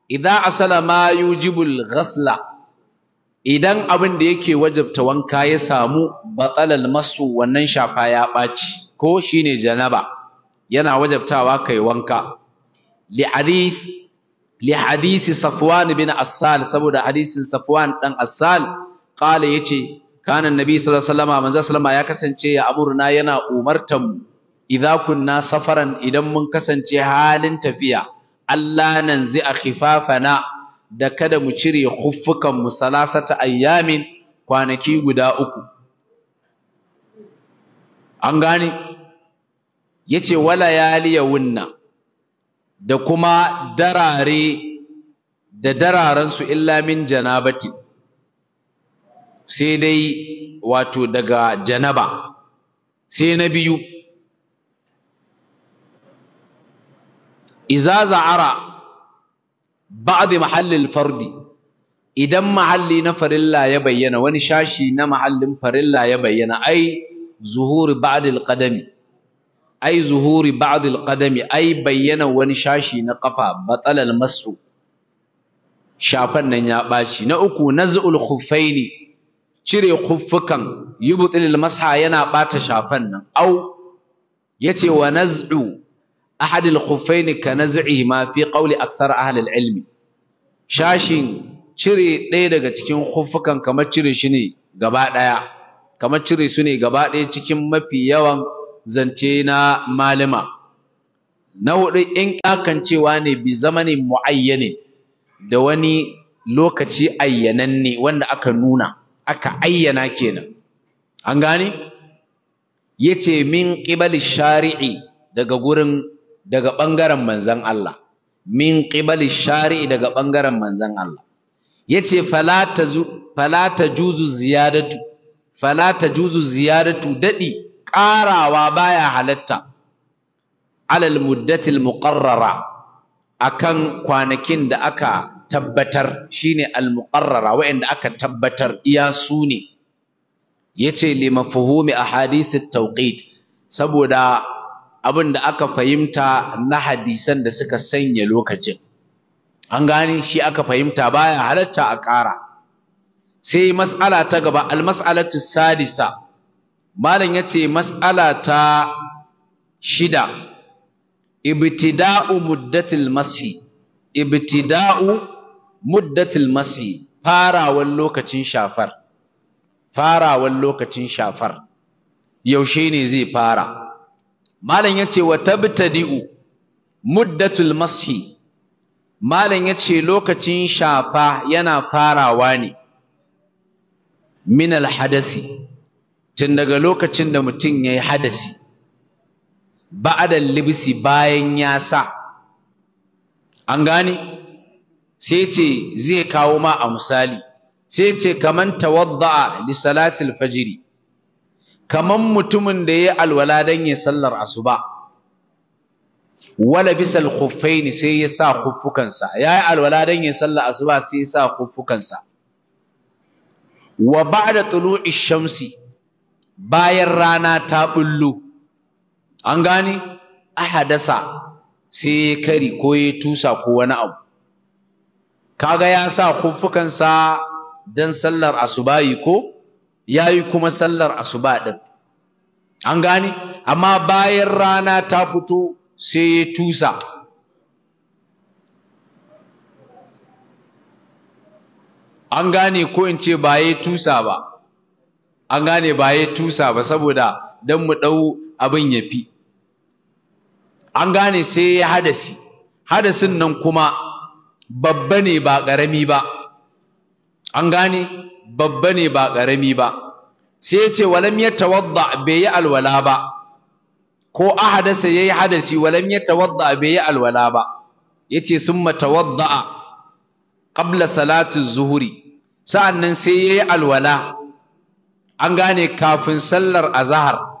idza asala ma yujibul ghasla idan abin da yake wajabta wanka ya samu batalal masu wannan shafa ya ɓaci ko shine janaba yana wajabtawa kai wanka li hadis li hadisi safwan bin asal saboda hadisin safwan dan asal qala yace kana nabi sallallahu alaihi wasallam manzo sallama ya kasance ya amurna yana umartan idza kunna safaran idan mun kasance halin tafiya Allah nan zai a khifafana da kada mu cire huffukan mu salasata ayyamin kwanaki guda uku an gane yace wala yaliyunna da kuma darare da dararen su illa min janabati sai dai wato daga janaba sai na biyu iza za'ara ba'd fardi idan mahalli na farilla ya bayyana wani shashi na mahallin farilla ya bayyana ai zuhuri ba'dil ai bayyana wani shashi na ƙafa batalal mas'u shafan nan ya ɓaci na uku naz'ul khuffaini cire khuffukan yubtilil masha yana ɓata shafan nan au yace wa naz'u ahad al-khuffain ka naz'ihi ma fi qawli aksar ahli al-ilmi shashin cire ɗaya daga cikin khuffukan kamar cire shi ne ɗaya kamar cire su ne gaba cikin mafi yawan zance na malama na hudu in kakancewa ne bi zamanin mu'ayyanin da wani lokaci ayyananne wanda aka nuna aka ayyana kenan an gane yace min qibali shari'i daga gurin daga ɓangaren manzan Allah min qibali shari'i daga ɓangaren manzan Allah yace falata falata juzu ziyadatu falata juzu ziyadatu dadi ƙarawa baya halatta alal muddatil muqarrara akan kwanakin da aka tabbatar shine al muqarrara aka tabbatar iya su ne yace li mafhumi ahadith at-tawqit saboda abin da aka fahimta na hadisan da suka sanya lokacin an gane shi aka fahimta baya halatta a ƙara sai mas'ala ta gaba almas'alatu sadisa malam yace mas'ala ta shida ibtida'u muddatil mashi ibtida'u muddatil mashi farawan lokacin shafar farawan lokacin shafar yaushe ne zai fara malam yace wa tabtadi'u muddatul mashi malam yace lokacin shafa yana farawa ne min alhadasi tun daga lokacin da mutum yayi hadasi ba'adal libsi bayan ya sa an gane sai ce zai kawo ma a misali sai ce kaman tawadda'a li salatil fajiri kaman mutumin da ya alwala don ya sallar asuba wala bisal khuffaini sai ya sa khuffukansa yayi alwala dan ya sallar asuba sai ya sa khuffukansa wa ba'da tulu'i shamsi bayan rana ta bullo an gane ahadasa sai ya kari ko ya tusa ko wani abu kaga ya sa khuffukansa dan sallar yi ko yayi kuma sallar asuba din an gane amma bayan rana ta fito sai ya tusa an gane ko in ce ba ya tusa ba an gane ba ya tusa ba saboda don mu ɗau abin ya fi an gane sai ya hadasi hadasin nan kuma babba ne ba ƙarami ba an gane babba ne ba ƙarami ba sai ya ce walam ya tawadda bai yi alwala ba ko ahadasa ya yi hadasi walam ya tawadda bai yi alwala ba ya ce sun matawadda ƙabla salatu zuhuri nan sai ya yi alwala an gane kafin sallar azahar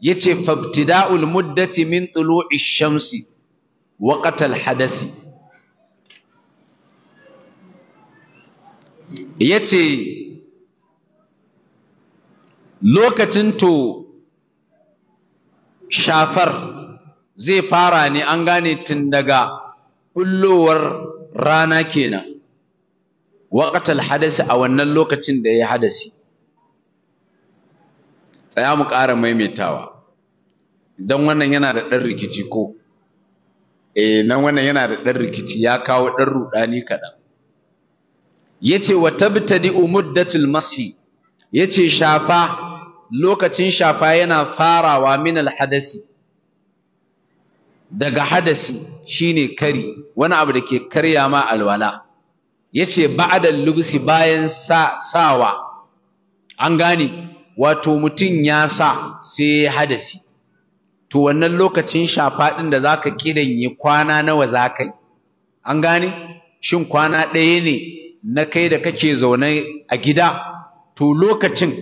ya ce fabtida'ul muddati min tulu'i shamsi waƙatal hadasi ya ce lokacin to shafar zai fara ne an gane tun daga bullowar rana kenan waƙatar hadasi a wannan lokacin da ya hadasi tsaya mu ƙara maimaitawa don wannan yana da ɗan rikici ko eh nan wannan yana da ɗan rikici ya kawo ɗan ruɗani kaɗan ya ce wa tabtadi muddatul mashi yace shafa lokacin shafa yana farawa min alhadasi daga hadasi shine kari wani abu da ke karya ma alwala yace ba'da lubsi bayan sa sawa an gane wato mutum ya sa sai hadasi to wannan lokacin shafa din da zaka yi kwana nawa zaka yi an gane shin kwana ɗaya ne na kai da kake zaune a gida to lokacin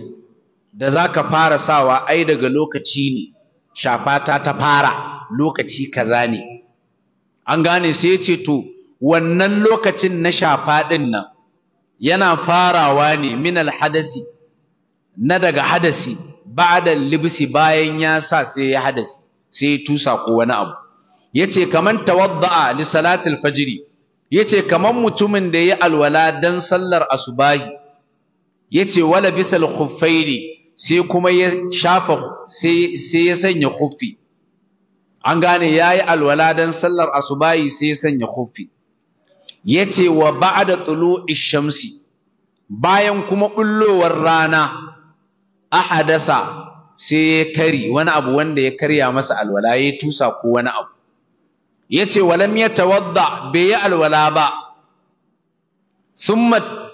da za ka fara sawa ai daga lokaci ne shafata ta fara lokaci kaza ne an gane sai ya ce to wannan lokacin na shafa ɗin nan yana farawa ne min alhadasi na daga hadasi ba da libsi bayan ya sa sai ya hadasi sai ya tusa ko wani abu yace kaman tawadda'a li salatil fajri yace kamar mutumin da ya alwala dan sallar asubahi yace wala bisal khuffaini sai kuma ya shafa sai ya sanya khuffi an gane yayi alwala dan sallar asubahi sai ya sanya khuffi yace wa ba'da tulu'i shamsi bayan kuma bullowar rana ahadasa sai ya kari wani abu wanda ya karya masa alwala ya tusa ko wani abu yace walam yatawadda bai yi alwala ba summa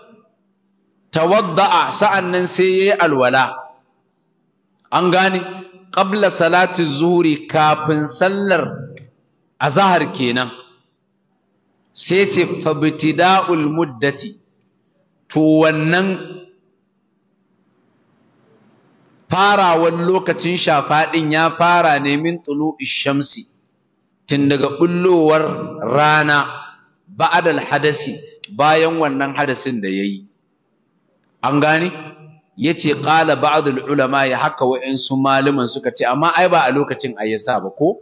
tawadda'a sa'annan sai yayi alwala an gane qabla salati zuhri kafin sallar azhar kenan sai ce fabtida'ul muddati to wannan farawan lokacin shafaɗin ya fara ne min tulu'i shamsi tun daga bullowar rana ba'adal hadasi bayan wannan hadasin da ya yi an gane ce ƙala ba'dul ulama ya haka wa'ansu malaman suka ce amma ai ba a lokacin ya sa ba ko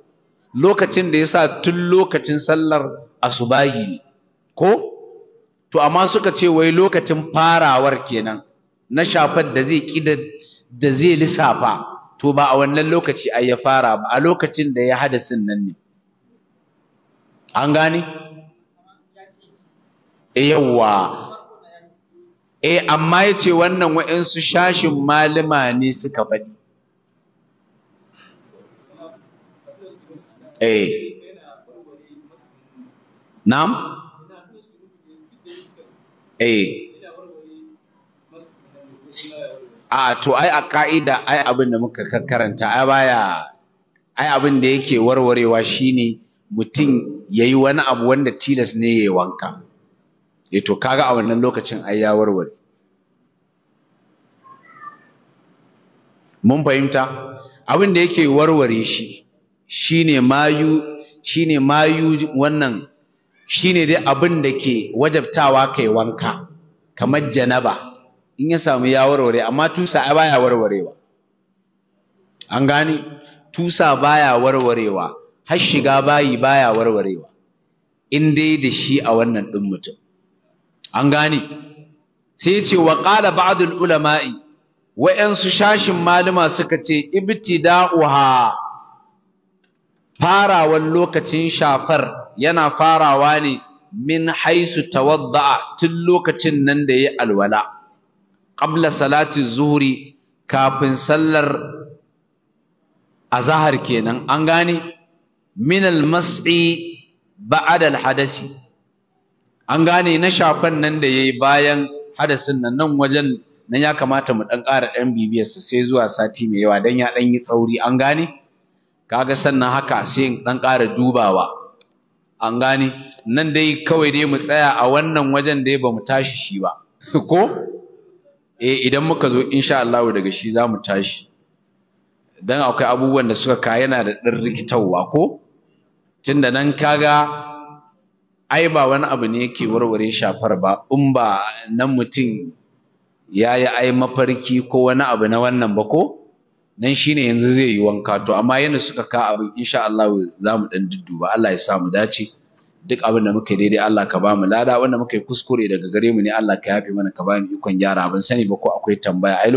lokacin da ya sa tun lokacin sallar asubahi ne ko to amma suka ce wai lokacin farawar kenan na shafar da zai ƙida da zai lissafa to ba a wannan lokaci a ya fara ba a lokacin da ya hada nan ne an gane eh, yawwa eh amma yace ce wannan waɗansu shashin malama ne suka faɗi eh na'am eh a to ai a ka'ida ai abin da muka karanta ai baya ai abin da yake warwarewa shine mutum yayi wani abu wanda tilas ne yayi wanka E to kaga a wannan lokacin ai ya warware mun fahimta abin da yake warware shi shine mayu shine mayu wannan shine dai abin da ke wajabtawa kai wanka kamar janaba in ya samu ya warware amma tusa ai baya warwarewa an gane tusa baya warwarewa har shiga bayi baya warwarewa in dai da shi a wannan ɗin mutum an gane sai ce wa qala ba'dul ulama'i wayansu shashin malama suka ce ibtida'uha farawan lokacin shafar yana farawa ne min haisu tawadda'a tun lokacin nan da ya alwala qabla salati zuhuri kafin sallar azahar kenan an gane min almas'i ba'da alhadasi an gane na shafan nan da yayi bayan hadasin nan nan wajen nan ya kamata mu dan ƙara ɗan bibiyarsa sai zuwa sati mai yawa dan ya dan yi tsauri an gane kaga sannan haka sai in dan ƙara dubawa an gane nan dai kawai dai mu tsaya a wannan wajen dai ba mu tashi shi ba [laughs] ko eh idan muka zo insha Allah daga shi za mu tashi dan akwai abubuwan da suka ka yana da ɗan rikitawa ko tunda nan kaga ai ba wani abu ne yake warware shafar ba in ba nan mutum ya yi ai mafarki ko wani abu na wannan ba ko nan shine yanzu zai yi wanka to amma yana suka ka abin insha Allah za mu dan dudduba Allah ya sa mu dace duk abin da muka daidai Allah ka bamu lada wanda muka yi kuskure daga gare mu ne Allah ka yafe mana ka ba bamu ikon gyara ban sani ba ko akwai tambaya